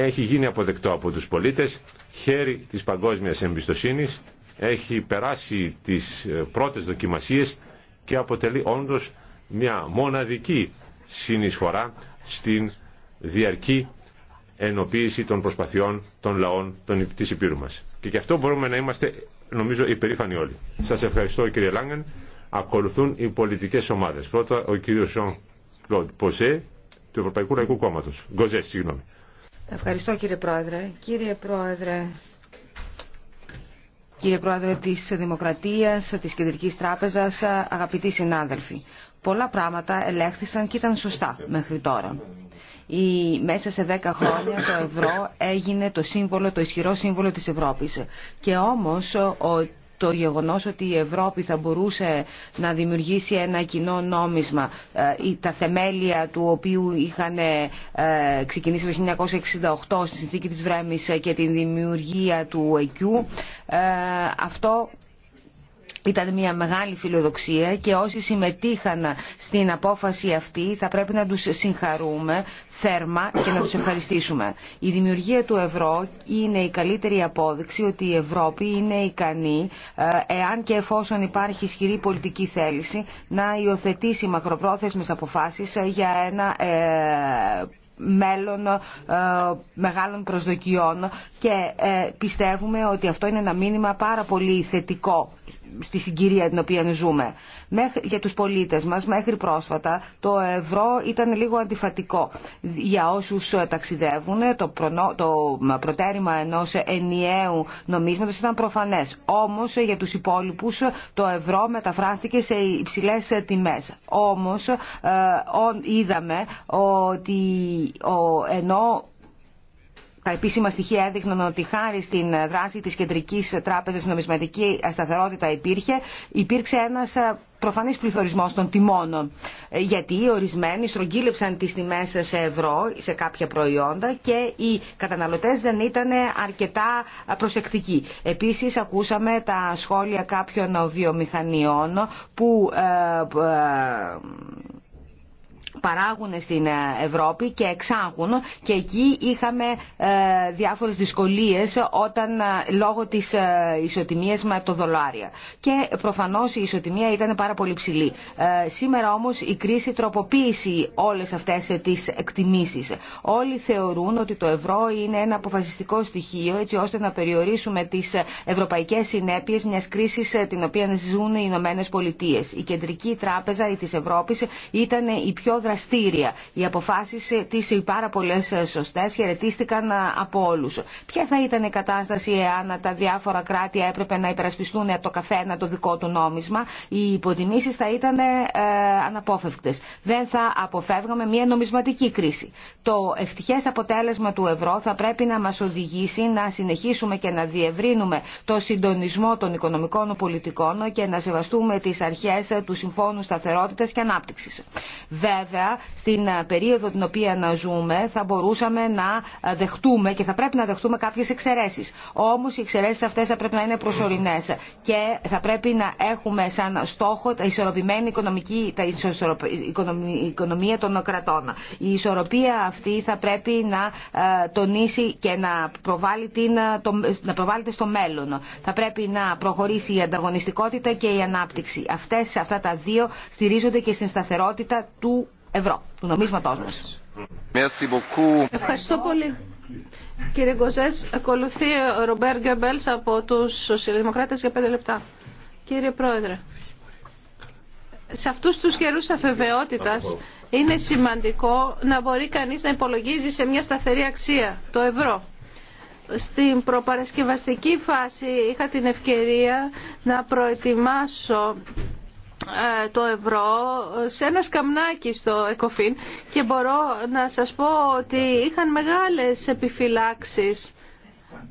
έχει γίνει αποδεκτό από τους πολίτες, χέρι της παγκόσμιας εμπιστοσύνης, έχει περάσει τις ε, πρώτες δοκιμασίες και αποτελεί όντως μια μοναδική συνεισφορά στην διαρκή ενοποίηση των προσπαθειών των λαών των, της Υπήρου μας. Και γι' αυτό μπορούμε να είμαστε νομίζω υπερήφανοι όλοι. Σας ευχαριστώ κύριε Λάγκεν. Ακολουθούν οι πολιτικές ομάδες. Πρώτα ο κύριος Σον Κλοντ Ποζέ του Ευρωπαϊκού Λαϊκού Κόμματος. Γκοζέ, συγγνώμη. Ευχαριστώ κύριε Πρόεδρε. Κύριε Πρόεδρε, κύριε Πρόεδρε της Δημοκρατίας, της Κεντρικής Τράπεζας, αγαπητοί συνάδελφοι. Πολλά πράγματα ελέγχθησαν και ήταν σωστά μέχρι τώρα. Η, μέσα σε 10 χρόνια το ευρώ έγινε το, σύμβολο, το ισχυρό σύμβολο της Ευρώπης. Και όμως ο, το γεγονός ότι η Ευρώπη θα μπορούσε να δημιουργήσει ένα κοινό νόμισμα ε, τα θεμέλια του οποίου είχαν ε, ξεκινήσει το 1968 στη συνθήκη της Βρέμης και τη δημιουργία του ΕΚΙΟΥ ε, αυτό ήταν μια μεγάλη φιλοδοξία και όσοι συμμετείχαν στην απόφαση αυτή θα πρέπει να τους συγχαρούμε θέρμα και να τους ευχαριστήσουμε. Η δημιουργία του ευρώ είναι η καλύτερη απόδειξη ότι η Ευρώπη είναι ικανή, ε, εάν και εφόσον υπάρχει ισχυρή πολιτική θέληση, να υιοθετήσει μακροπρόθεσμες αποφάσεις ε, για ένα ε, μέλλον μεγάλων προσδοκιών και πιστεύουμε ότι αυτό είναι ένα μήνυμα πάρα πολύ θετικό στη συγκυρία την οποία ζούμε. για τους πολίτες μας μέχρι πρόσφατα το ευρώ ήταν λίγο αντιφατικό. Για όσους ε, ταξιδεύουν ε, το, το προτέρημα ενός ενιαίου νομίσματος ήταν προφανές. Όμως ε, για τους υπόλοιπους το ευρώ μεταφράστηκε σε υψηλές τιμές. Όμως είδαμε ότι ο, ενώ τα επίσημα στοιχεία έδειχναν ότι χάρη στην δράση της Κεντρικής Τράπεζας νομισματική σταθερότητα υπήρχε, υπήρξε ένας ε, προφανής πληθωρισμός των τιμών. Ε, γιατί ορισμένοι στρογγύλεψαν τις τιμές σε ευρώ, σε κάποια προϊόντα και οι καταναλωτές δεν ήταν αρκετά ε, προσεκτικοί. Επίσης ακούσαμε τα σχόλια κάποιων βιομηχανιών που παράγουν στην ε, Ευρώπη και εξάγουν και εκεί είχαμε ε, διάφορες δυσκολίες όταν ε, λόγω της ισοτιμίας με το δολάρια. Και προφανώς η ισοτιμία ήταν πάρα πολύ ψηλή. Σήμερα όμως η κρίση τροποποίησε όλες αυτές τις εκτιμήσεις. Όλοι θεωρούν ότι το ευρώ είναι ένα αποφασιστικό στοιχείο έτσι ώστε να περιορίσουμε τις ευρωπαϊκές συνέπειες μιας κρίσης την οποία ζουν οι Ηνωμένε Πολιτείε. Η Κεντρική Τράπεζα της Ευρώπης ήταν η πιο δραστήρια. Οι αποφάσει ε, τη οι πάρα πολλέ ε, σωστέ χαιρετίστηκαν ε, από όλου. Ποια θα ήταν η κατάσταση εάν τα διάφορα κράτη έπρεπε να υπερασπιστούν από το καθένα το δικό του νόμισμα. Οι υποτιμήσει θα ήταν αναπόφευκτε. Δεν θα αποφεύγαμε μια νομισματική κρίση. Το ευτυχέ αποτέλεσμα του ευρώ θα πρέπει να μα οδηγήσει να συνεχίσουμε και να διευρύνουμε το συντονισμό των οικονομικών πολιτικών και να σεβαστούμε τι αρχέ του Συμφώνου σταθερότητα και ανάπτυξη. Βέβαια, βέβαια στην ε, περίοδο την οποία να ζούμε θα μπορούσαμε να ε, δεχτούμε και θα πρέπει να δεχτούμε κάποιες εξαιρέσεις. Όμως οι εξαιρέσεις αυτές θα πρέπει να είναι προσωρινές και θα πρέπει να έχουμε σαν στόχο τα ισορροπημένη οικονομική, τα οικονομία των κρατών. Η ισορροπία αυτή θα πρέπει να ε, τονίσει και να προβάλλει, την, να προβάλλεται στο μέλλον. Θα πρέπει να προχωρήσει η ανταγωνιστικότητα και η ανάπτυξη. Αυτές, αυτά τα δύο στηρίζονται και στην σταθερότητα του ευρώ του νομίσματός μας. Ευχαριστώ πολύ. Κύριε Γκοζές, ακολουθεί ο Ρομπέρ Γκέμπελς από τους Σοσιαλδημοκράτες για πέντε λεπτά. Κύριε Πρόεδρε, σε αυτούς τους καιρούς αφεβαιότητας είναι σημαντικό να μπορεί κανείς να υπολογίζει σε μια σταθερή αξία, το ευρώ. Στην προπαρασκευαστική φάση είχα την ευκαιρία να προετοιμάσω ε, το ευρώ σε ένα σκαμνάκι στο ΕΚΟΦΗΝ και μπορώ να σας πω ότι είχαν μεγάλες επιφυλάξεις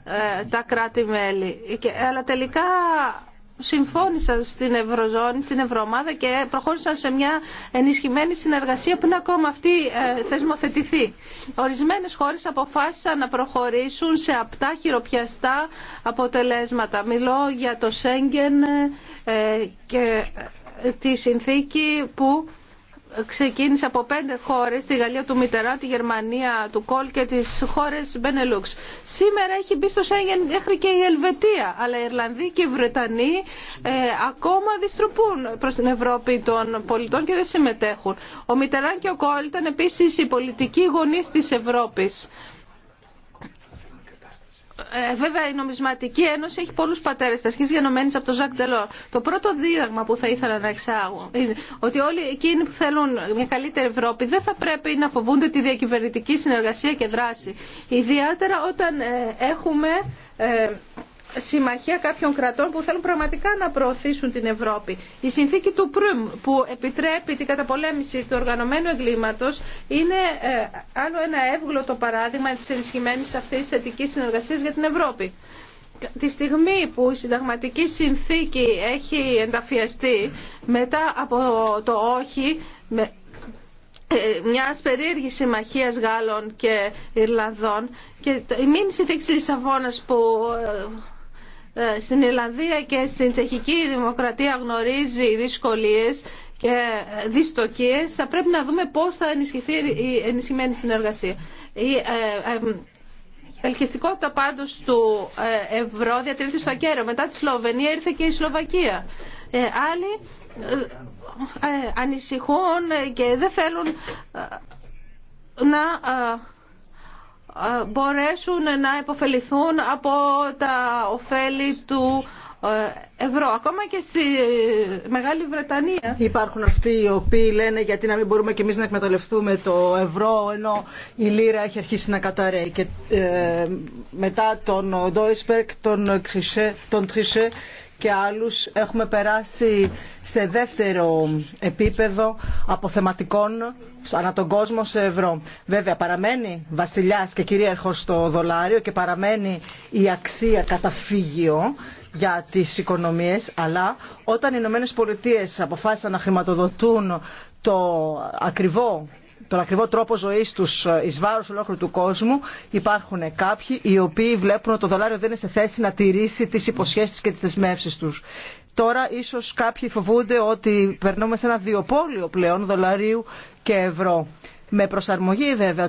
ε, τα κράτη-μέλη. Αλλά τελικά συμφώνησαν στην Ευρωζώνη, στην Ευρωομάδα και προχώρησαν σε μια ενισχυμένη συνεργασία που είναι ακόμα αυτή ε, θεσμοθετηθεί. Ορισμένες χώρες αποφάσισαν να προχωρήσουν σε απτά χειροπιαστά αποτελέσματα. Μιλώ για το Σέγγεν και τη συνθήκη που ξεκίνησε από πέντε χώρες, τη Γαλλία του Μιτερά, τη Γερμανία του Κόλ και τις χώρες Μπενελούξ. Σήμερα έχει μπει στο Σέγγεν μέχρι και η Ελβετία, αλλά οι Ιρλανδοί και οι Βρετανοί ε, ακόμα διστροπούν προς την Ευρώπη των πολιτών και δεν συμμετέχουν. Ο Μιτεράν και ο Κόλ ήταν επίσης οι πολιτικοί γονείς της Ευρώπης. Ε, βέβαια η νομισματική ένωση έχει πολλούς πατέρες τη αρχή γενομένη από τον Ζακ Ντελό. Το πρώτο δίδαγμα που θα ήθελα να εξάγω είναι ότι όλοι εκείνοι που θέλουν μια καλύτερη Ευρώπη δεν θα πρέπει να φοβούνται τη διακυβερνητική συνεργασία και δράση. Ιδιαίτερα όταν ε, έχουμε... Ε, συμμαχία κάποιων κρατών που θέλουν πραγματικά να προωθήσουν την Ευρώπη. Η συνθήκη του ΠΡΟΥΜ που επιτρέπει την καταπολέμηση του οργανωμένου εγκλήματος είναι ε, άλλο ένα εύγλωτο παράδειγμα της ενισχυμένης αυτής θετικής συνεργασίας για την Ευρώπη. Τη στιγμή που η συνταγματική συνθήκη έχει ενταφιαστεί μετά από το όχι ε, μια περίεργη συμμαχία Γάλλων και Ιρλανδών και η μήνυ συνθήκη τη που ε, ε, στην Ιρλανδία και στην Τσεχική Δημοκρατία γνωρίζει δυσκολίες και ε, δυστοκίες, θα πρέπει να δούμε πώς θα ενισχυθεί η ενισχυμένη συνεργασία. Η ε, ελκυστικότητα πάντως του ευρώ διατηρείται στο ακέραιο. Μετά τη Σλοβενία ήρθε και η Σλοβακία. Άλλοι ανησυχούν και δεν θέλουν να ε, μπορέσουν να υποφεληθούν από τα ωφέλη του ε, ευρώ. Ακόμα και στη Μεγάλη Βρετανία. Υπάρχουν αυτοί οι οποίοι λένε γιατί να μην μπορούμε και εμείς να εκμεταλλευτούμε το ευρώ ενώ η λίρα έχει αρχίσει να καταραίει. Και, ε, μετά τον Ντόισπερκ, τον Τρισέ, τον Τρισέ και άλλους έχουμε περάσει σε δεύτερο επίπεδο αποθεματικών ανά τον κόσμο σε ευρώ. Βέβαια παραμένει βασιλιάς και κυρίαρχος το δολάριο και παραμένει η αξία καταφύγιο για τις οικονομίες, αλλά όταν οι ΗΠΑ αποφάσισαν να χρηματοδοτούν το ακριβό τον ακριβό τρόπο ζωή τους ε, ει βάρο ολόκληρου του κόσμου υπάρχουν κάποιοι οι οποίοι βλέπουν ότι το δολάριο δεν είναι σε θέση να τηρήσει τις υποσχέσεις και τι δεσμεύσει τους. Τώρα ίσως κάποιοι φοβούνται ότι περνούμε σε ένα διοπόλιο πλέον δολαρίου και ευρώ. Με προσαρμογή βέβαια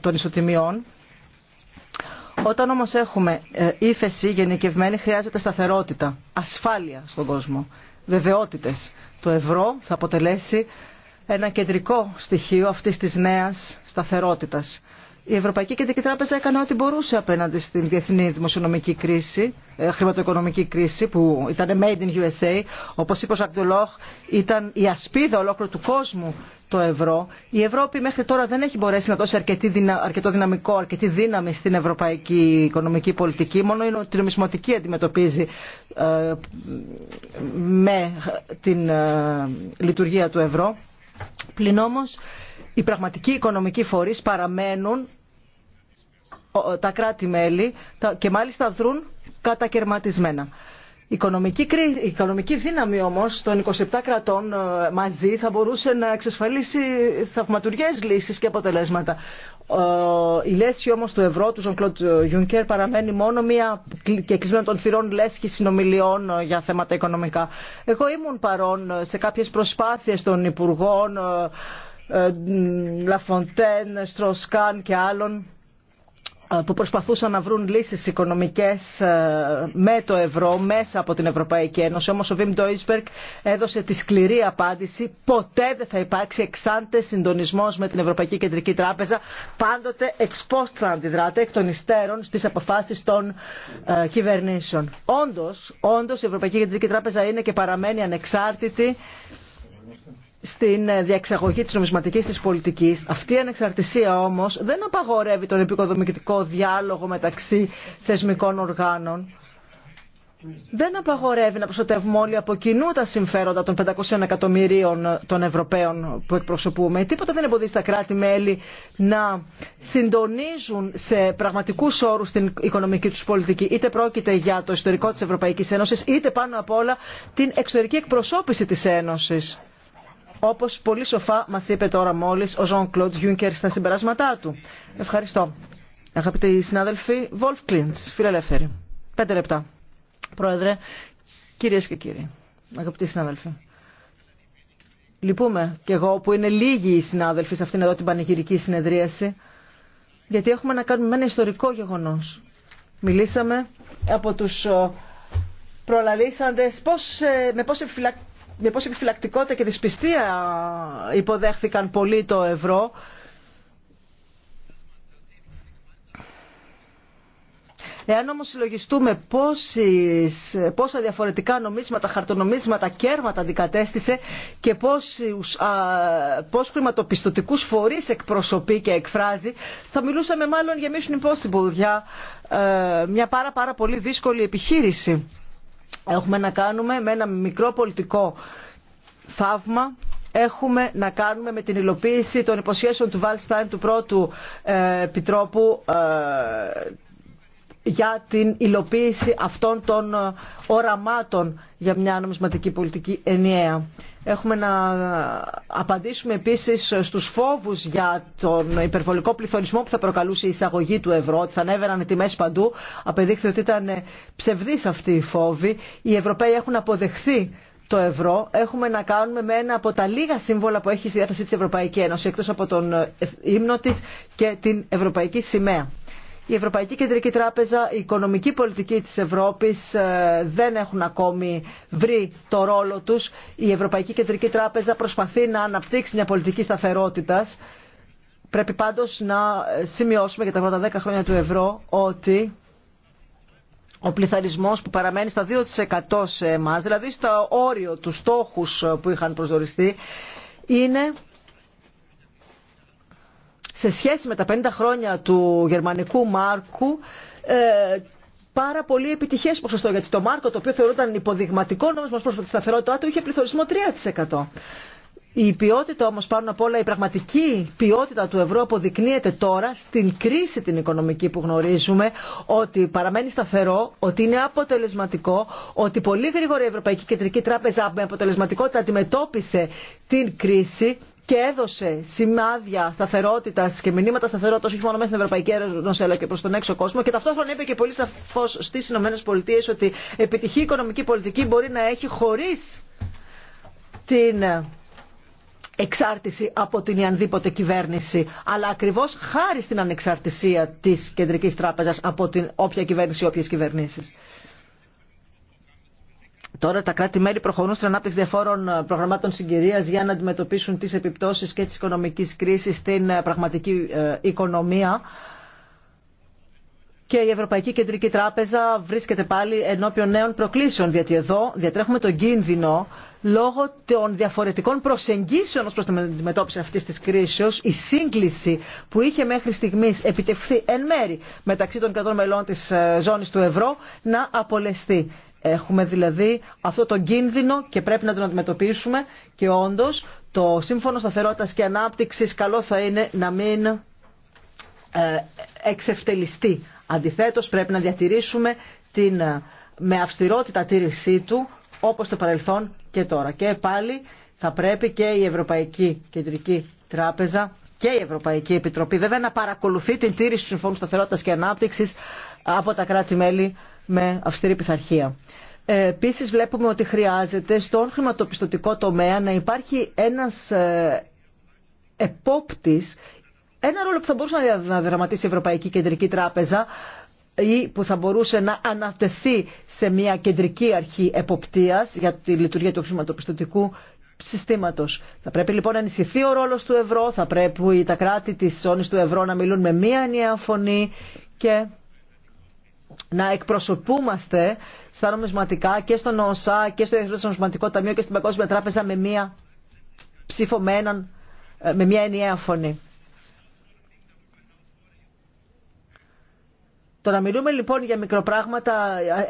των ισοτιμιών όταν όμω έχουμε ε, ύφεση γενικευμένη χρειάζεται σταθερότητα, ασφάλεια στον κόσμο, βεβαιότητες. Το ευρώ θα αποτελέσει ένα κεντρικό στοιχείο αυτής της νέας σταθερότητας. Η Ευρωπαϊκή Κεντρική Τράπεζα έκανε ό,τι μπορούσε απέναντι στην διεθνή δημοσιονομική κρίση, ε, χρηματοοικονομική κρίση που ήταν made in USA. Όπως είπε ο Σακτουλόχ, ήταν η ασπίδα ολόκληρου του κόσμου το ευρώ. Η Ευρώπη μέχρι τώρα δεν έχει μπορέσει να δώσει αρκετό δυναμικό, αρκετή δύναμη στην ευρωπαϊκή οικονομική πολιτική. Μόνο η νομισματική αντιμετωπίζει ε, με την ε, λειτουργία του ευρώ. Πλην όμως οι πραγματικοί οικονομικοί φορεί παραμένουν τα κράτη-μέλη και μάλιστα δρούν κατακαιρματισμένα. Η οικονομική, οικονομική δύναμη όμως των 27 κρατών ε, μαζί θα μπορούσε να εξασφαλίσει θαυματουργές λύσεις και αποτελέσματα. Ε, η λέσχη όμως του ευρώ του Ζων Κλοντ Γιουνκέρ παραμένει μόνο μία και κλεισμένο των θυρών λέσχη συνομιλιών ε, για θέματα οικονομικά. Εγώ ήμουν παρόν ε, σε κάποιες προσπάθειες των Υπουργών Λαφοντέν, Στροσκάν και άλλων ε, που προσπαθούσαν να βρουν λύσεις οικονομικές ε, με το ευρώ μέσα από την Ευρωπαϊκή Ένωση. Όμως ο Βιμ Ντοϊσπερκ έδωσε τη σκληρή απάντηση ποτέ δεν θα υπάρξει εξάντε συντονισμός με την Ευρωπαϊκή Κεντρική Τράπεζα πάντοτε εξπόστρα θα αντιδράτε εκ των υστέρων στις αποφάσεις των ε, κυβερνήσεων. Όντως, όντως η Ευρωπαϊκή Κεντρική Τράπεζα είναι και παραμένει ανεξάρτητη στην ε, διαξαγωγή της νομισματικής της πολιτικής. Αυτή η ανεξαρτησία όμως δεν απαγορεύει τον επικοδομητικό διάλογο μεταξύ θεσμικών οργάνων. Δεν απαγορεύει να προστατεύουμε όλοι από κοινού τα συμφέροντα των 500 εκατομμυρίων των Ευρωπαίων που εκπροσωπούμε. Τίποτα δεν εμποδίζει τα κράτη-μέλη να συντονίζουν σε πραγματικού όρου την οικονομική του πολιτική. Είτε πρόκειται για το ιστορικό τη Ευρωπαϊκή Ένωση, είτε πάνω απ' όλα την εξωτερική εκπροσώπηση τη Ένωση όπως πολύ σοφά μας είπε τώρα μόλις ο Ζων Κλοντ Γιούνκερ στα συμπεράσματά του. Ευχαριστώ. Αγαπητοί συνάδελφοι, Βολφ Κλίντς, φιλελεύθερη. Πέντε λεπτά. Πρόεδρε, κυρίες και κύριοι, αγαπητοί συνάδελφοι. Λυπούμε κι εγώ που είναι λίγοι οι συνάδελφοι σε αυτήν εδώ την πανηγυρική συνεδρίαση, γιατί έχουμε να κάνουμε ένα ιστορικό γεγονός. Μιλήσαμε από τους ε, προλαλήσαντες πώς, ε, με πόση φυλακή με πόση επιφυλακτικότητα και δυσπιστία υποδέχθηκαν πολύ το ευρώ. Εάν όμως συλλογιστούμε πόσα διαφορετικά νομίσματα, χαρτονομίσματα, κέρματα αντικατέστησε και πόσους, α, φορεί χρηματοπιστωτικούς φορείς εκπροσωπεί και εκφράζει, θα μιλούσαμε μάλλον για Mission Impossible, για ε, μια πάρα πάρα πολύ δύσκολη επιχείρηση. Έχουμε να κάνουμε με ένα μικρό πολιτικό θαύμα έχουμε να κάνουμε με την υλοποίηση των υποσχέσεων του Βάλσταϊν του πρώτου ε, επιτρόπου ε, για την υλοποίηση αυτών των ε, οραμάτων για μια νομισματική πολιτική ενιαία. Έχουμε να ε, απαντήσουμε επίσης στους φόβους για τον υπερβολικό πληθωρισμό που θα προκαλούσε η εισαγωγή του ευρώ, ότι θα ανέβαιναν οι τιμές παντού. Απεδείχθη ότι ήταν ε, ψευδής αυτή η φόβη. Οι Ευρωπαίοι έχουν αποδεχθεί το ευρώ έχουμε να κάνουμε με ένα από τα λίγα σύμβολα που έχει στη διάθεση της Ευρωπαϊκή Ένωση εκτός από τον ύμνο της και την Ευρωπαϊκή Σημαία η Ευρωπαϊκή Κεντρική Τράπεζα, η οικονομική πολιτική της Ευρώπης ε, δεν έχουν ακόμη βρει το ρόλο τους. Η Ευρωπαϊκή Κεντρική Τράπεζα προσπαθεί να αναπτύξει μια πολιτική σταθερότητας. Πρέπει πάντως να ε, σημειώσουμε για τα πρώτα 10 χρόνια του ευρώ ότι ο πληθαρισμός που παραμένει στα 2% σε εμάς, δηλαδή στο όριο του στόχους που είχαν προσδοριστεί, είναι σε σχέση με τα 50 χρόνια του γερμανικού μάρκου ε, πάρα πολύ επιτυχέ ποσοστό. Γιατί το Μάρκο, το οποίο θεωρούνταν υποδειγματικό νόμισμα προς τη σταθερότητά του, είχε πληθωρισμό 3%. Η ποιότητα όμως πάνω απ' όλα, η πραγματική ποιότητα του ευρώ αποδεικνύεται τώρα στην κρίση την οικονομική που γνωρίζουμε ότι παραμένει σταθερό, ότι είναι αποτελεσματικό, ότι πολύ γρήγορα η Ευρωπαϊκή Κεντρική Τράπεζα με αποτελεσματικότητα αντιμετώπισε την κρίση και έδωσε σημάδια σταθερότητα και μηνύματα σταθερότητα όχι μόνο μέσα στην Ευρωπαϊκή Ένωση αλλά και προ τον έξω κόσμο. Και ταυτόχρονα είπε και πολύ σαφώ στι ΗΠΑ ότι επιτυχή οικονομική πολιτική μπορεί να έχει χωρί την εξάρτηση από την ιανδήποτε κυβέρνηση, αλλά ακριβώς χάρη στην ανεξαρτησία της Κεντρικής Τράπεζας από την όποια κυβέρνηση, όποιες κυβερνήσεις. Τώρα τα κρατη μελη προχωρούν στην ανάπτυξη διαφόρων ε, προγραμμάτων συγκυρία για να αντιμετωπίσουν τι επιπτώσει και τη οικονομική κρίση στην ε, πραγματική ε, οικονομία. Και η Ευρωπαϊκή Κεντρική Τράπεζα βρίσκεται πάλι ενώπιον νέων προκλήσεων, γιατί εδώ διατρέχουμε τον κίνδυνο λόγω των διαφορετικών προσεγγίσεων ω προ την αντιμετώπιση αυτή τη κρίσεω, η σύγκληση που είχε μέχρι στιγμή επιτευχθεί εν μέρη μεταξύ των κρατών μελών τη ζώνη του ευρώ να απολεστεί. Έχουμε δηλαδή αυτό το κίνδυνο και πρέπει να τον αντιμετωπίσουμε και όντως το Σύμφωνο Σταθερότητας και Ανάπτυξης καλό θα είναι να μην ε, εξευτελιστεί. Αντιθέτως πρέπει να διατηρήσουμε την, ε, με αυστηρότητα τήρησή του όπως το παρελθόν και τώρα. Και πάλι θα πρέπει και η Ευρωπαϊκή Κεντρική Τράπεζα και η Ευρωπαϊκή Επιτροπή βέβαια να παρακολουθεί την τήρηση του Συμφώνου Σταθερότητας και Ανάπτυξης από τα κράτη-μέλη με αυστηρή πειθαρχία. Ε, Επίση βλέπουμε ότι χρειάζεται στον χρηματοπιστωτικό τομέα να υπάρχει ένας ε, επόπτη, ένα ρόλο που θα μπορούσε να δραματίσει η Ευρωπαϊκή Κεντρική Τράπεζα ή που θα μπορούσε να ανατεθεί σε μια κεντρική αρχή εποπτείας για τη λειτουργία του χρηματοπιστωτικού συστήματος. Θα πρέπει λοιπόν να ενισχυθεί ο ρόλος του ευρώ, θα πρέπει τα κράτη της ζώνης του ευρώ να μιλούν με μία ενιαία φωνή και να εκπροσωπούμαστε στα νομισματικά και στον ΟΣΑ και στο Διεθνές Νομισματικό Ταμείο και στην Παγκόσμια Τράπεζα με μία ψήφο με, έναν, ε, με μία ενιαία φωνή. Το να μιλούμε λοιπόν για μικροπράγματα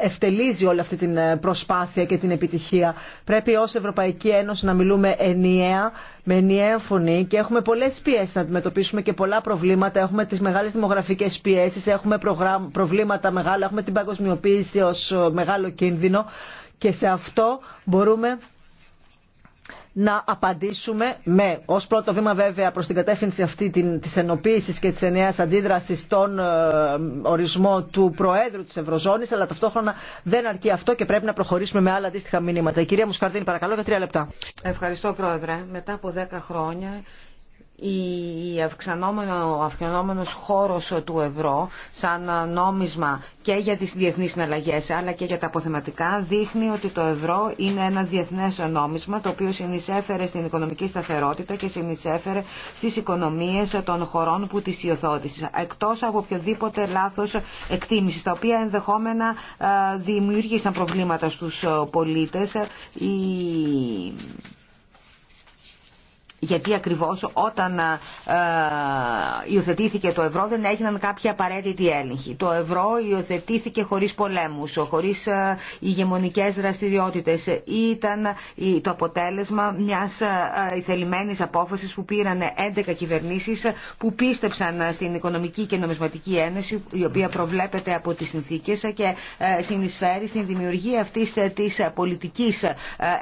ευτελίζει όλη αυτή την ε, προσπάθεια και την επιτυχία. Πρέπει ως Ευρωπαϊκή Ένωση να μιλούμε ενιαία, με ενιαία φωνή και έχουμε πολλές πιέσεις να αντιμετωπίσουμε και πολλά προβλήματα. Έχουμε τις μεγάλες δημογραφικές πιέσεις, έχουμε προβλήματα μεγάλα, έχουμε την παγκοσμιοποίηση ως ε, μεγάλο κίνδυνο και σε αυτό μπορούμε να απαντήσουμε με ως πρώτο βήμα βέβαια προς την κατεύθυνση αυτή τη της και της ενιαίας αντίδρασης των ε, ορισμό του Προέδρου της Ευρωζώνης αλλά ταυτόχρονα δεν αρκεί αυτό και πρέπει να προχωρήσουμε με άλλα αντίστοιχα μηνύματα. Η κυρία Μουσκαρδίνη παρακαλώ για τρία λεπτά. Ευχαριστώ Πρόεδρε. Μετά από δέκα χρόνια η αυξανόμενο, ο αυξανόμενος χώρος του ευρώ σαν νόμισμα και για τις διεθνείς συναλλαγές αλλά και για τα αποθεματικά δείχνει ότι το ευρώ είναι ένα διεθνές νόμισμα το οποίο συνεισέφερε στην οικονομική σταθερότητα και συνεισέφερε στις οικονομίες των χωρών που τη υιοθότησαν εκτός από οποιοδήποτε λάθος εκτίμηση τα οποία ενδεχόμενα ε, δημιούργησαν προβλήματα στους ε, πολίτες ε, γιατί ακριβώς όταν ε, ε, υιοθετήθηκε το ευρώ δεν έγιναν κάποια απαραίτητη έλεγχη. Το ευρώ υιοθετήθηκε χωρίς πολέμους, χωρίς ε, ηγεμονικές δραστηριότητες. Ήταν το αποτέλεσμα μιας ηθελημένης απόφασης που πήραν 11 κυβερνήσεις που πίστεψαν στην Οικονομική και Νομισματική Ένωση η οποία προβλέπεται από τις συνθήκες και συνεισφέρει στην δημιουργία αυτής της πολιτικής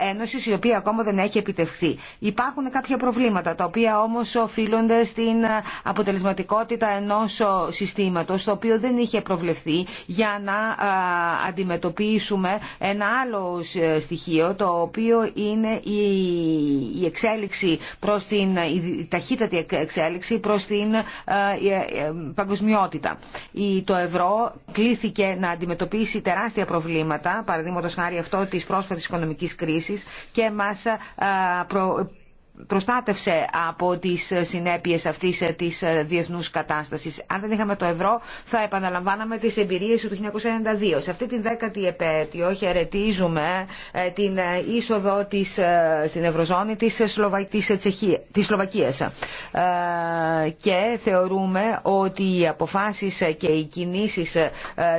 ένωσης η οποία ακόμα δεν έχει επιτευχθεί. Υπάρχουν κάποια προβλήματα προβλήματα, τα οποία όμως οφείλονται στην αποτελεσματικότητα ενός συστήματος, το οποίο δεν είχε προβλεφθεί για να αντιμετωπίσουμε ένα άλλο στοιχείο, το οποίο είναι η εξέλιξη προς την, η ταχύτατη εξέλιξη προς την ε, ε, παγκοσμιότητα. Το ευρώ κλήθηκε να αντιμετωπίσει τεράστια προβλήματα, παραδείγματος χάρη αυτό της πρόσφατης οικονομικής κρίσης και μας προστάτευσε από τις συνέπειες αυτής της διεθνούς κατάστασης. Αν δεν είχαμε το ευρώ θα επαναλαμβάναμε τις εμπειρίες του 1992. Σε αυτή την δέκατη επέτειο χαιρετίζουμε ε, την ε, είσοδο της, ε, στην Ευρωζώνη της, Σλοβα... Σλοβακίας. Και θεωρούμε ότι οι αποφάσεις και οι κινήσεις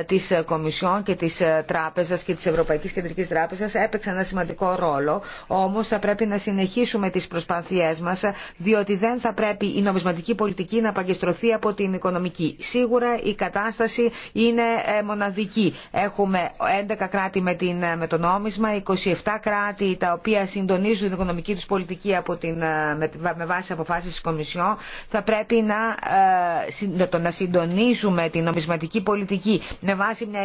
της Κομισιόν και της Τράπεζας και της Ευρωπαϊκής Κεντρικής Τράπεζας έπαιξαν ένα σημαντικό ρόλο. Όμως θα πρέπει να συνεχίσουμε τις προσπάθειες προσπάθειές μας, διότι δεν θα πρέπει η νομισματική πολιτική να απαγκιστρωθεί από την οικονομική. Σίγουρα η κατάσταση είναι ε, μοναδική. Έχουμε 11 κράτη με, την, ε, το νόμισμα, 27 κράτη τα οποία συντονίζουν την οικονομική τους πολιτική από την, ε, με, βάση αποφάσεις της Κομισιόν. Θα πρέπει να, ε, συντονίζουμε την νομισματική πολιτική με βάση μια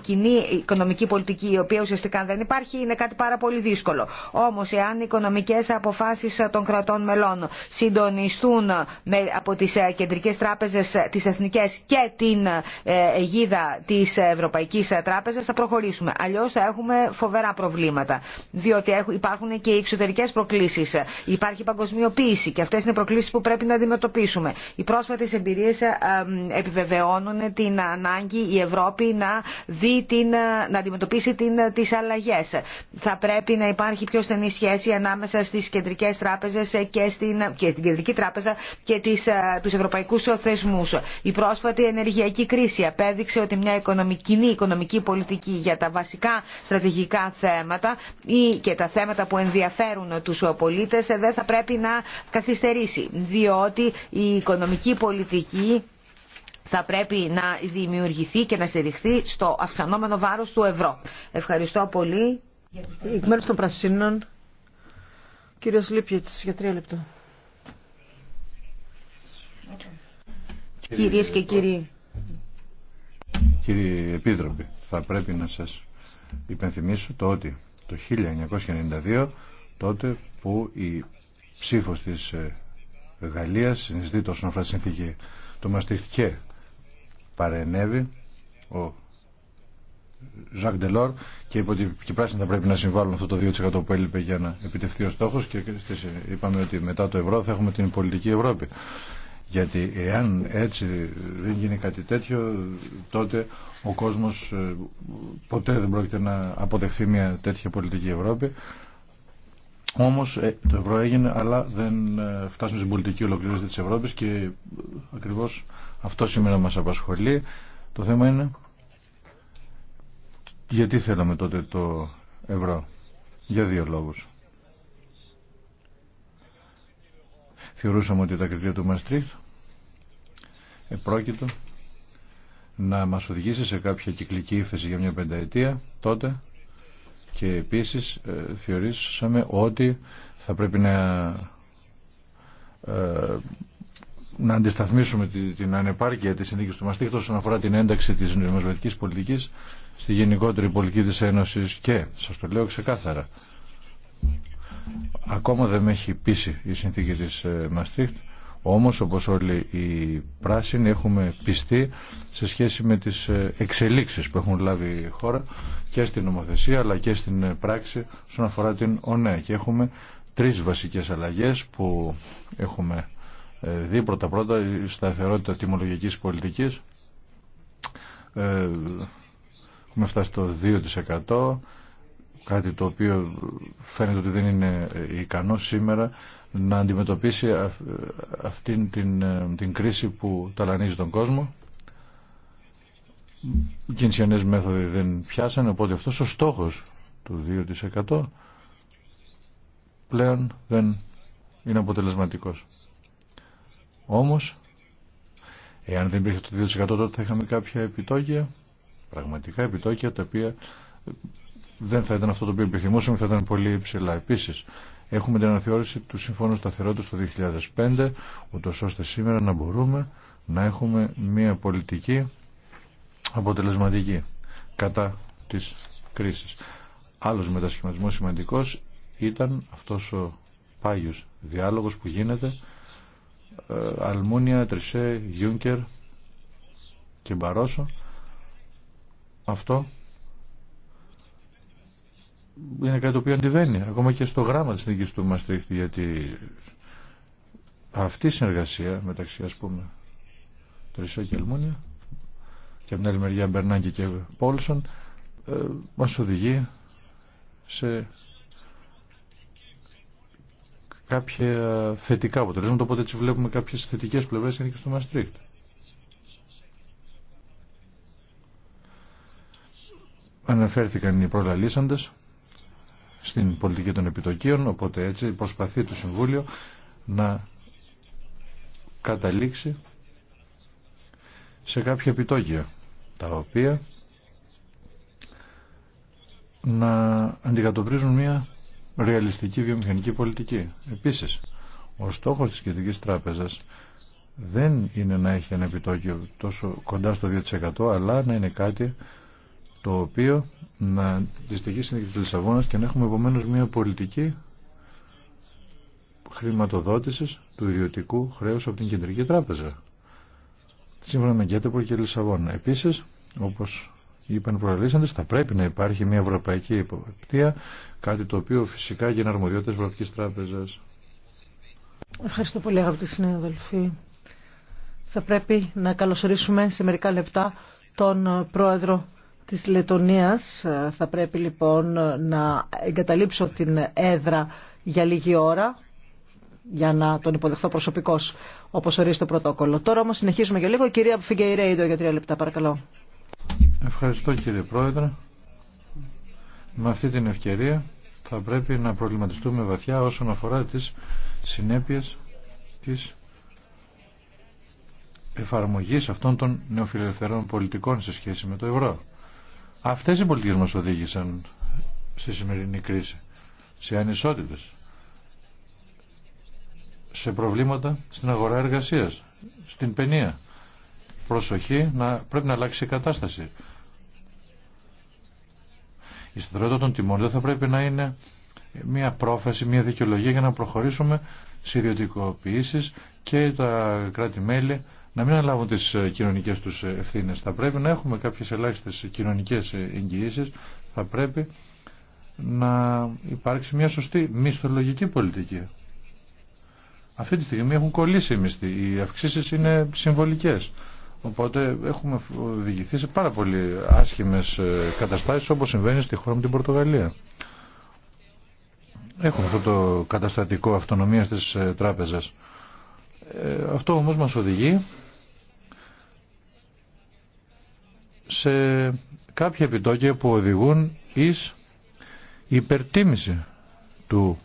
κοινή οικονομική πολιτική η οποία ουσιαστικά δεν υπάρχει είναι κάτι πάρα πολύ δύσκολο. Όμως εάν οι οικονομικές αποφάσεις των κρατών μελών συντονιστούν από τις ε, κεντρικές τράπεζες ε, τις εθνικές και την ε, αιγίδα της Ευρωπαϊκής Τράπεζας θα προχωρήσουμε. Αλλιώς θα έχουμε φοβερά προβλήματα διότι υπάρχουν και οι εξωτερικές προκλήσεις. Υπάρχει παγκοσμιοποίηση και αυτές είναι προκλήσεις που πρέπει να αντιμετωπίσουμε. Οι πρόσφατες εμπειρίες επιβεβαιώνουν την ανάγκη η Ευρώπη να, δει την, να αντιμετωπίσει την, τις αλλαγές. Θα πρέπει να υπάρχει πιο στενή σχέση ανάμεσα στις κεντρικές τράπεζες και στην, και στην Κεντρική Τράπεζα και τις, ε, τους ευρωπαϊκούς θεσμούς. Η πρόσφατη ενεργειακή κρίση απέδειξε ότι μια οικονομική, κοινή οικονομική πολιτική για τα βασικά στρατηγικά θέματα ή και τα θέματα που ενδιαφέρουν τους πολίτες δεν θα πρέπει να καθυστερήσει, διότι η οικονομική πολιτική θα πρέπει να δημιουργηθεί και να στηριχθεί στο αυξανόμενο βάρος του ευρώ. Ευχαριστώ πολύ. Εκ μέρους των Κύριος Λίπιετς, για τρία λεπτά. Κυρίες και κύριοι. Κύριοι Επίτροποι, θα πρέπει να σας υπενθυμίσω το ότι το 1992, τότε που η ψήφος της ε, Γαλλίας συνιστεί το όσον αφορά τη συνθήκη παρενέβη ο Ζακ Ντελόρ και είπε ότι και οι πράσινοι θα πρέπει να συμβάλλουν αυτό το 2% που έλειπε για να επιτευχθεί ο στόχος και είπαμε ότι μετά το ευρώ θα έχουμε την πολιτική Ευρώπη. Γιατί εάν έτσι δεν γίνει κάτι τέτοιο, τότε ο κόσμος ε, ποτέ δεν πρόκειται να αποδεχθεί μια τέτοια πολιτική Ευρώπη. Όμως ε, το ευρώ έγινε, αλλά δεν ε, φτάσουμε στην πολιτική ολοκλήρωση της Ευρώπης και ακριβώς αυτό σήμερα μας απασχολεί. Το θέμα είναι γιατί θέλαμε τότε το ευρώ. Για δύο λόγους. Θεωρούσαμε ότι τα κριτήρια του Μαστρίχτ επρόκειτο να μας οδηγήσει σε κάποια κυκλική ύφεση για μια πενταετία τότε και επίσης ε, θεωρήσαμε ότι θα πρέπει να, ε, να αντισταθμίσουμε την ανεπάρκεια της συνθήκης του Μαστρίχτ όσον αφορά την ένταξη της νομισματικής πολιτικής στη γενικότερη πολιτική της Ένωσης και, σας το λέω ξεκάθαρα, ακόμα δεν με έχει πείσει η συνθήκη της ε, Μαστρίχτ, όμως όπως όλοι οι πράσινοι έχουμε πιστεί σε σχέση με τις ε, εξελίξεις που έχουν λάβει η χώρα και στην νομοθεσία αλλά και στην ε, πράξη όσον αφορά την ΟΝΕ και έχουμε τρεις βασικές αλλαγές που έχουμε δει πρώτα πρώτα η σταθερότητα τιμολογικής πολιτικής Έχουμε φτάσει στο 2% κάτι το οποίο φαίνεται ότι δεν είναι ε, ικανό σήμερα να αντιμετωπίσει ε, αυτήν την, ε, την κρίση που ταλανίζει τον κόσμο. Οι κινησιανές μέθοδοι δεν πιάσανε, οπότε αυτός ο στόχος του 2% πλέον δεν είναι αποτελεσματικός. Όμως, εάν δεν υπήρχε το 2% τότε θα είχαμε κάποια επιτόκια πραγματικά επιτόκια τα οποία δεν θα ήταν αυτό το οποίο επιθυμούσαμε, θα ήταν πολύ υψηλά. Επίση, έχουμε την αναθεώρηση του Συμφώνου Σταθερότητα το 2005, ούτω ώστε σήμερα να μπορούμε να έχουμε μια πολιτική αποτελεσματική κατά τη κρίση. Άλλος μετασχηματισμό σημαντικός ήταν αυτός ο πάγιο διάλογος που γίνεται ε, Αλμούνια, Τρισέ, Γιούνκερ και Μπαρόσο αυτό είναι κάτι το οποίο αντιβαίνει ακόμα και στο γράμμα της νίκης του Μαστρίχτη γιατί αυτή η συνεργασία μεταξύ ας πούμε Τρισσό και Ελμούνια και από την άλλη μεριά Μπερνάγκη και Πόλσον ε, μας οδηγεί σε κάποια θετικά αποτελέσματα οπότε έτσι βλέπουμε κάποιες θετικές πλευρές της νίκης του Μαστρίχτη Αναφέρθηκαν οι προλαλήσαντες στην πολιτική των επιτοκίων, οπότε έτσι προσπαθεί το Συμβούλιο να καταλήξει σε κάποια επιτόκια, τα οποία να αντικατοπτρίζουν μια ρεαλιστική βιομηχανική πολιτική. Επίσης, ο στόχος της Κεντρικής Τράπεζας δεν είναι να έχει ένα επιτόκιο τόσο κοντά στο 2% αλλά να είναι κάτι το οποίο να δυστυχήσει και τη Λισαβόνα και να έχουμε επομένω μια πολιτική χρηματοδότηση του ιδιωτικού χρέους από την Κεντρική Τράπεζα. Σύμφωνα με Γκέτεπορ και Λισαβόνα. Επίσης, όπως είπαν προαλήσαντες, θα πρέπει να υπάρχει μια ευρωπαϊκή υποπτία, κάτι το οποίο φυσικά γίνει αρμοδιότητα της Ευρωπαϊκής Τράπεζας. Ευχαριστώ πολύ αγαπητοί συνάδελφοι. Θα πρέπει να καλωσορίσουμε σε μερικά λεπτά τον πρόεδρο της Λετωνίας. Ε, θα πρέπει λοιπόν να εγκαταλείψω την έδρα για λίγη ώρα για να τον υποδεχθώ προσωπικώς όπως ορίζει το πρωτόκολλο. Τώρα όμως συνεχίζουμε για λίγο. Η κυρία Φιγκεϊρέιντο για τρία λεπτά παρακαλώ. Ευχαριστώ κύριε Πρόεδρε. Με αυτή την ευκαιρία θα πρέπει να προβληματιστούμε βαθιά όσον αφορά τις συνέπειες της εφαρμογής αυτών των νεοφιλελευθερών πολιτικών σε σχέση με το ευρώ. Αυτές οι πολιτικές μας οδήγησαν στη σημερινή κρίση, σε ανισότητες, σε προβλήματα στην αγορά εργασίας, στην παινία. Προσοχή, να, πρέπει να αλλάξει η κατάσταση. Η σταθερότητα των τιμών δεν θα πρέπει να είναι μια πρόφαση, μια δικαιολογία για να προχωρήσουμε σε ιδιωτικοποιήσεις και τα κράτη-μέλη να μην αναλάβουν τις ε, κοινωνικές τους ε, ευθύνες. Θα πρέπει να έχουμε κάποιες ελάχιστες ε, κοινωνικές εγγυήσεις, θα πρέπει να υπάρξει μια σωστή μισθολογική πολιτική. Αυτή τη στιγμή έχουν κολλήσει οι μισθοί, οι αυξήσεις είναι συμβολικές. Οπότε έχουμε οδηγηθεί σε πάρα πολύ άσχημες καταστάσεις όπως συμβαίνει στη χώρα μου την Πορτογαλία. Έχουμε αυτό το καταστατικό αυτονομίας της τράπεζας. Αυτό όμως μας οδηγεί σε κάποια επιτόκια που οδηγούν εις υπερτίμηση του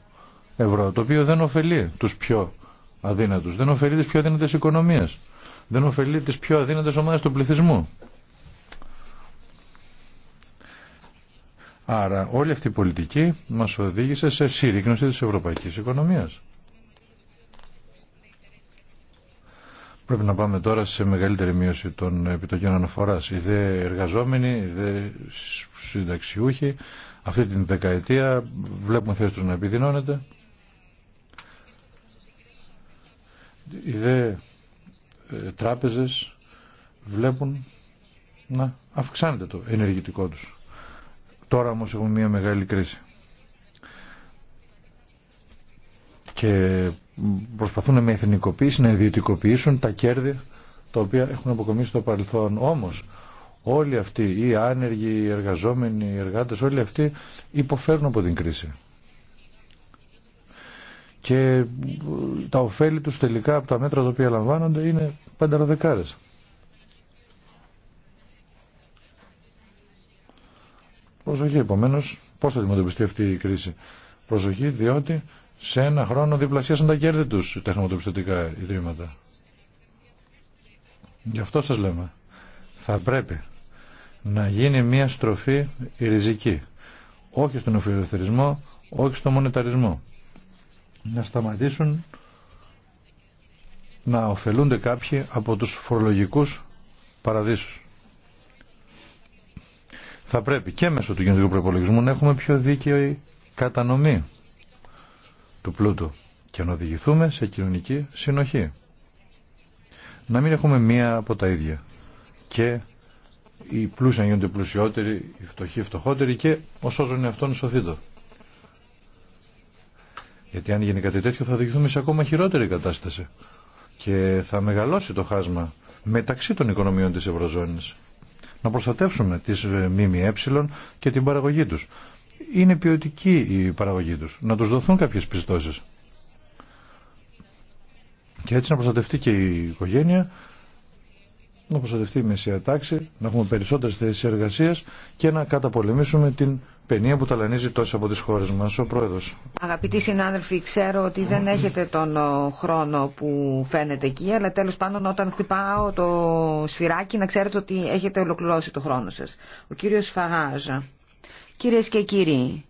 ευρώ, το οποίο δεν ωφελεί τους πιο αδύνατους, δεν ωφελεί τις πιο αδύνατες οικονομίες, δεν ωφελεί τις πιο αδύνατες ομάδες του πληθυσμού. Άρα όλη αυτή η πολιτική μας οδήγησε σε σύρρυγνωση της ευρωπαϊκής οικονομίας. Πρέπει να πάμε τώρα σε μεγαλύτερη μείωση των επιτοκίων αναφοράς. Οι δε εργαζόμενοι, οι δε συνταξιούχοι, αυτή την δεκαετία βλέπουμε θέσεις τους να επιδεινώνεται. Οι δε ε, τράπεζες βλέπουν να αυξάνεται το ενεργητικό τους. Τώρα όμως έχουμε μια μεγάλη κρίση. και προσπαθούν με εθνικοποίηση να ιδιωτικοποιήσουν τα κέρδη τα οποία έχουν αποκομίσει στο παρελθόν. Όμως όλοι αυτοί, οι άνεργοι, οι εργαζόμενοι, οι εργάτες, όλοι αυτοί υποφέρουν από την κρίση. Και τα ωφέλη τους τελικά από τα μέτρα τα οποία λαμβάνονται είναι πενταροδεκάρες. Προσοχή επομένως, πώς θα αντιμετωπιστεί αυτή η κρίση. Προσοχή διότι σε ένα χρόνο διπλασίασαν τα κέρδη τους τα χρηματοπιστωτικά ιδρύματα. Γι' αυτό σας λέμε. Θα πρέπει να γίνει μια στροφή ριζική. Όχι στον οφειλελευθερισμό, όχι στον μονεταρισμό. Να σταματήσουν να ωφελούνται κάποιοι από τους φορολογικούς παραδείσους. Θα πρέπει και μέσω του κοινωνικού προπολογισμού να έχουμε πιο δίκαιη κατανομή του πλούτου και να οδηγηθούμε σε κοινωνική συνοχή. Να μην έχουμε μία από τα ίδια. Και οι πλούσιοι να γίνονται πλουσιότεροι, οι φτωχοί φτωχότεροι και ο σώζων είναι αυτόν Γιατί αν γίνει κάτι τέτοιο θα οδηγηθούμε σε ακόμα χειρότερη κατάσταση και θα μεγαλώσει το χάσμα μεταξύ των οικονομιών της Ευρωζώνης. Να προστατεύσουμε τις ΜΜΕ και την παραγωγή τους είναι ποιοτική η παραγωγή τους. Να τους δοθούν κάποιες πιστώσεις. Και έτσι να προστατευτεί και η οικογένεια, να προστατευτεί η μεσαία τάξη, να έχουμε περισσότερες θέσεις εργασίας και να καταπολεμήσουμε την παινία που ταλανίζει τόσο από τις χώρες μας. Ο Πρόεδρος. Αγαπητοί συνάδελφοι, ξέρω ότι δεν έχετε τον χρόνο που φαίνεται εκεί, αλλά τέλος πάντων όταν χτυπάω το σφυράκι να ξέρετε ότι έχετε ολοκληρώσει το χρόνο σας. Ο κύριος Φαγάζα. Κυρίες και κύριοι,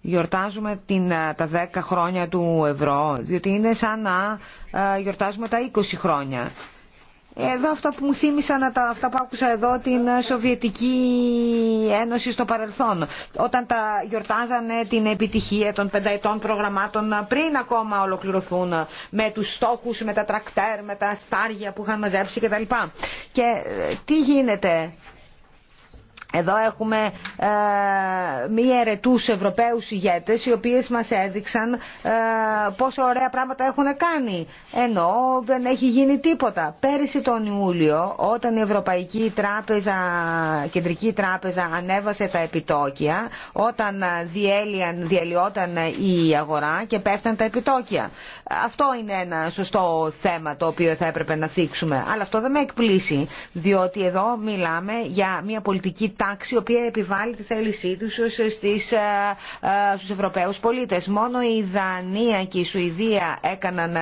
γιορτάζουμε την, τα 10 χρόνια του ευρώ, διότι είναι σαν να γιορτάζουμε τα 20 χρόνια. Εδώ αυτά που μου θύμισαν, αυτά που άκουσα εδώ, την Σοβιετική Ένωση στο παρελθόν. Όταν τα γιορτάζανε την επιτυχία των πενταετών προγραμμάτων πριν ακόμα ολοκληρωθούν με τους στόχους, με τα τρακτέρ, με τα στάρια που είχαν μαζέψει κτλ. Και ε, τι γίνεται, εδώ έχουμε ε, μία ερετούς Ευρωπαίους ηγέτες οι οποίες μας έδειξαν ε, πόσο ωραία πράγματα έχουν κάνει ενώ δεν έχει γίνει τίποτα. Πέρυσι τον Ιούλιο όταν η Ευρωπαϊκή τράπεζα, Κεντρική Τράπεζα ανέβασε τα επιτόκια όταν ε, διέλυαν, η αγορά και πέφταν τα επιτόκια. Αυτό είναι ένα σωστό θέμα το οποίο θα έπρεπε να θίξουμε. Αλλά αυτό δεν με εκπλήσει, διότι εδώ μιλάμε για μια πολιτική τάξη η οποία επιβάλλει τη θέλησή τους στις, ε, ε, στους Ευρωπαίους πολίτες. Μόνο η Δανία και η Σουηδία έκαναν ε,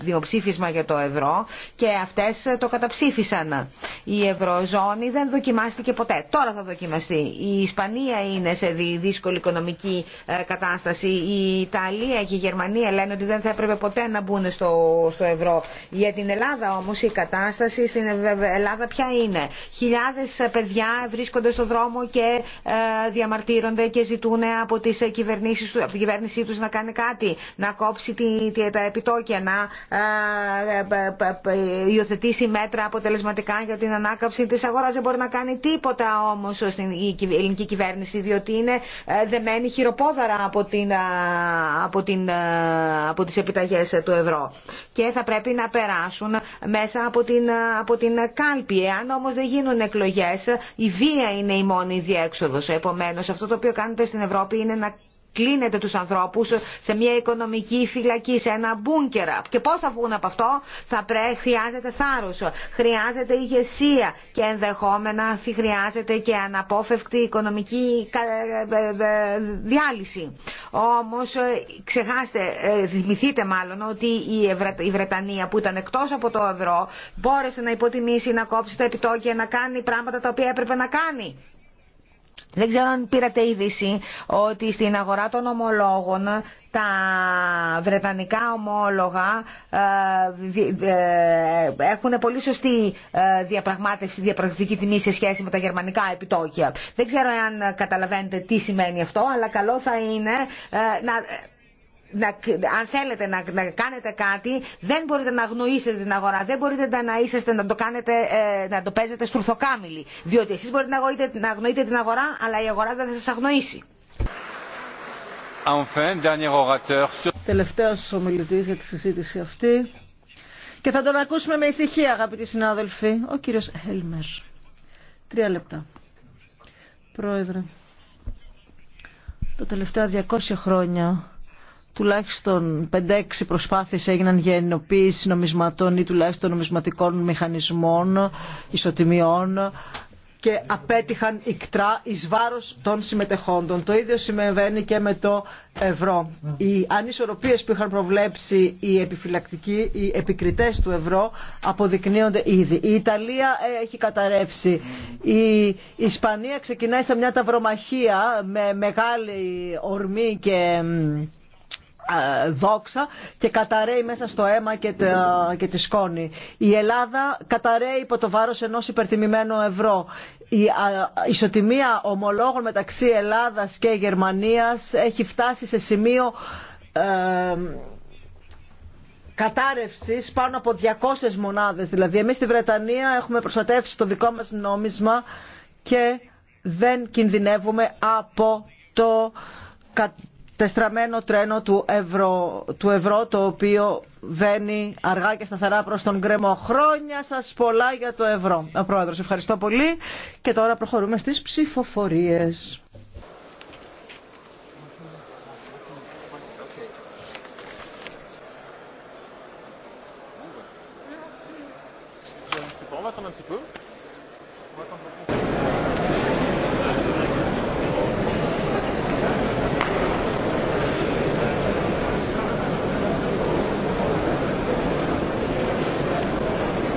δημοψήφισμα για το ευρώ και αυτές το καταψήφισαν. Η ευρωζώνη δεν δοκιμάστηκε ποτέ. Τώρα θα δοκιμαστεί. Η Ισπανία είναι σε δύσκολη οικονομική κατάσταση. Η Ιταλία και η Γερμανία λένε ότι δεν θα πρέπει ποτέ να μπουν στο, στο ευρώ. Για την Ελλάδα όμως η κατάσταση στην Ελλάδα ποια είναι. Χιλιάδες παιδιά βρίσκονται στο δρόμο και ε, διαμαρτύρονται και ζητούν από, τις κυβερνήσεις, από την κυβέρνησή τους να κάνει κάτι, να κόψει τη, τη, τα επιτόκια, να ε, υιοθετήσει μέτρα αποτελεσματικά για την ανάκαμψη της αγοράς. Δεν μπορεί να κάνει τίποτα όμως η ελληνική κυβέρνηση, διότι είναι ε, δεμένη χειροπόδαρα από, την, ε, από, την, ε, από τις επιταγές ε, του ευρώ και θα πρέπει να περάσουν μέσα από την, ε, από την κάλπη. Εάν όμως δεν γίνουν εκλογές, η βία είναι η μόνη διέξοδος. Επομένως αυτό το οποίο κάνετε στην Ευρώπη είναι να κλείνετε τους ανθρώπους σε μια οικονομική φυλακή, σε ένα μπούνκερα. Και πώς θα βγουν από αυτό, θα χρειάζεται θάρρος, χρειάζεται ηγεσία και ενδεχόμενα χρειάζεται και αναπόφευκτη οικονομική ε, ε, ε, διάλυση. Όμως ξεχάστε, θυμηθείτε μάλλον ότι η, η Βρετανία που ήταν εκτός από το ευρώ μπόρεσε να υποτιμήσει, να κόψει τα επιτόκια, να κάνει πράγματα τα οποία έπρεπε να κάνει δεν ξέρω αν πήρατε είδηση ότι στην αγορά των ομολόγων τα βρετανικά ομόλογα ε, ε, έχουν πολύ σωστή ε, διαπραγμάτευση, διαπραγματική τιμή σε σχέση με τα γερμανικά επιτόκια. Δεν ξέρω αν καταλαβαίνετε τι σημαίνει αυτό, αλλά καλό θα είναι να να, αν θέλετε να, να, κάνετε κάτι, δεν μπορείτε να αγνοήσετε την αγορά, δεν μπορείτε να, είσαστε, να, το, κάνετε, ε, να το παίζετε στουρθοκάμιλοι. Διότι εσείς μπορείτε να αγνοείτε, να αγνοείτε την αγορά, αλλά η αγορά δεν θα σας αγνοήσει. Enfin, dernier orateur... Τελευταίος ομιλητής για τη συζήτηση αυτή. Και θα τον ακούσουμε με ησυχία, αγαπητοί συνάδελφοι, ο κύριος Έλμερ Τρία λεπτά. Πρόεδρε, τα τελευταία 200 χρόνια τουλάχιστον 5-6 προσπάθειες έγιναν για ενοποίηση νομισματών ή τουλάχιστον νομισματικών μηχανισμών, ισοτιμιών και απέτυχαν ικτρά εις βάρος των συμμετεχόντων. Το ίδιο συμβαίνει και με το ευρώ. Οι ανισορροπίες που είχαν προβλέψει οι επιφυλακτικοί, οι επικριτές του ευρώ αποδεικνύονται ήδη. Η Ιταλία ε, έχει καταρρεύσει. Η Ισπανία ξεκινάει σε μια ταυρομαχία με μεγάλη ορμή και ε, δόξα και καταραίει μέσα στο αίμα και, τη σκόνη. Η Ελλάδα καταραίει υπό το βάρος ενός υπερτιμημένου ευρώ. Η ισοτιμία ομολόγων μεταξύ Ελλάδας και Γερμανίας έχει φτάσει σε σημείο ε, κατάρρευσης πάνω από 200 μονάδες. Δηλαδή εμείς στη Βρετανία έχουμε προστατεύσει το δικό μας νόμισμα και δεν κινδυνεύουμε από το τεστραμένο τρένο του ευρώ, του ευρώ το οποίο βαίνει αργά και σταθερά προς τον κρέμο. Χρόνια σας πολλά για το ευρώ. Ο Πρόεδρος, ευχαριστώ πολύ και τώρα προχωρούμε στις ψηφοφορίες.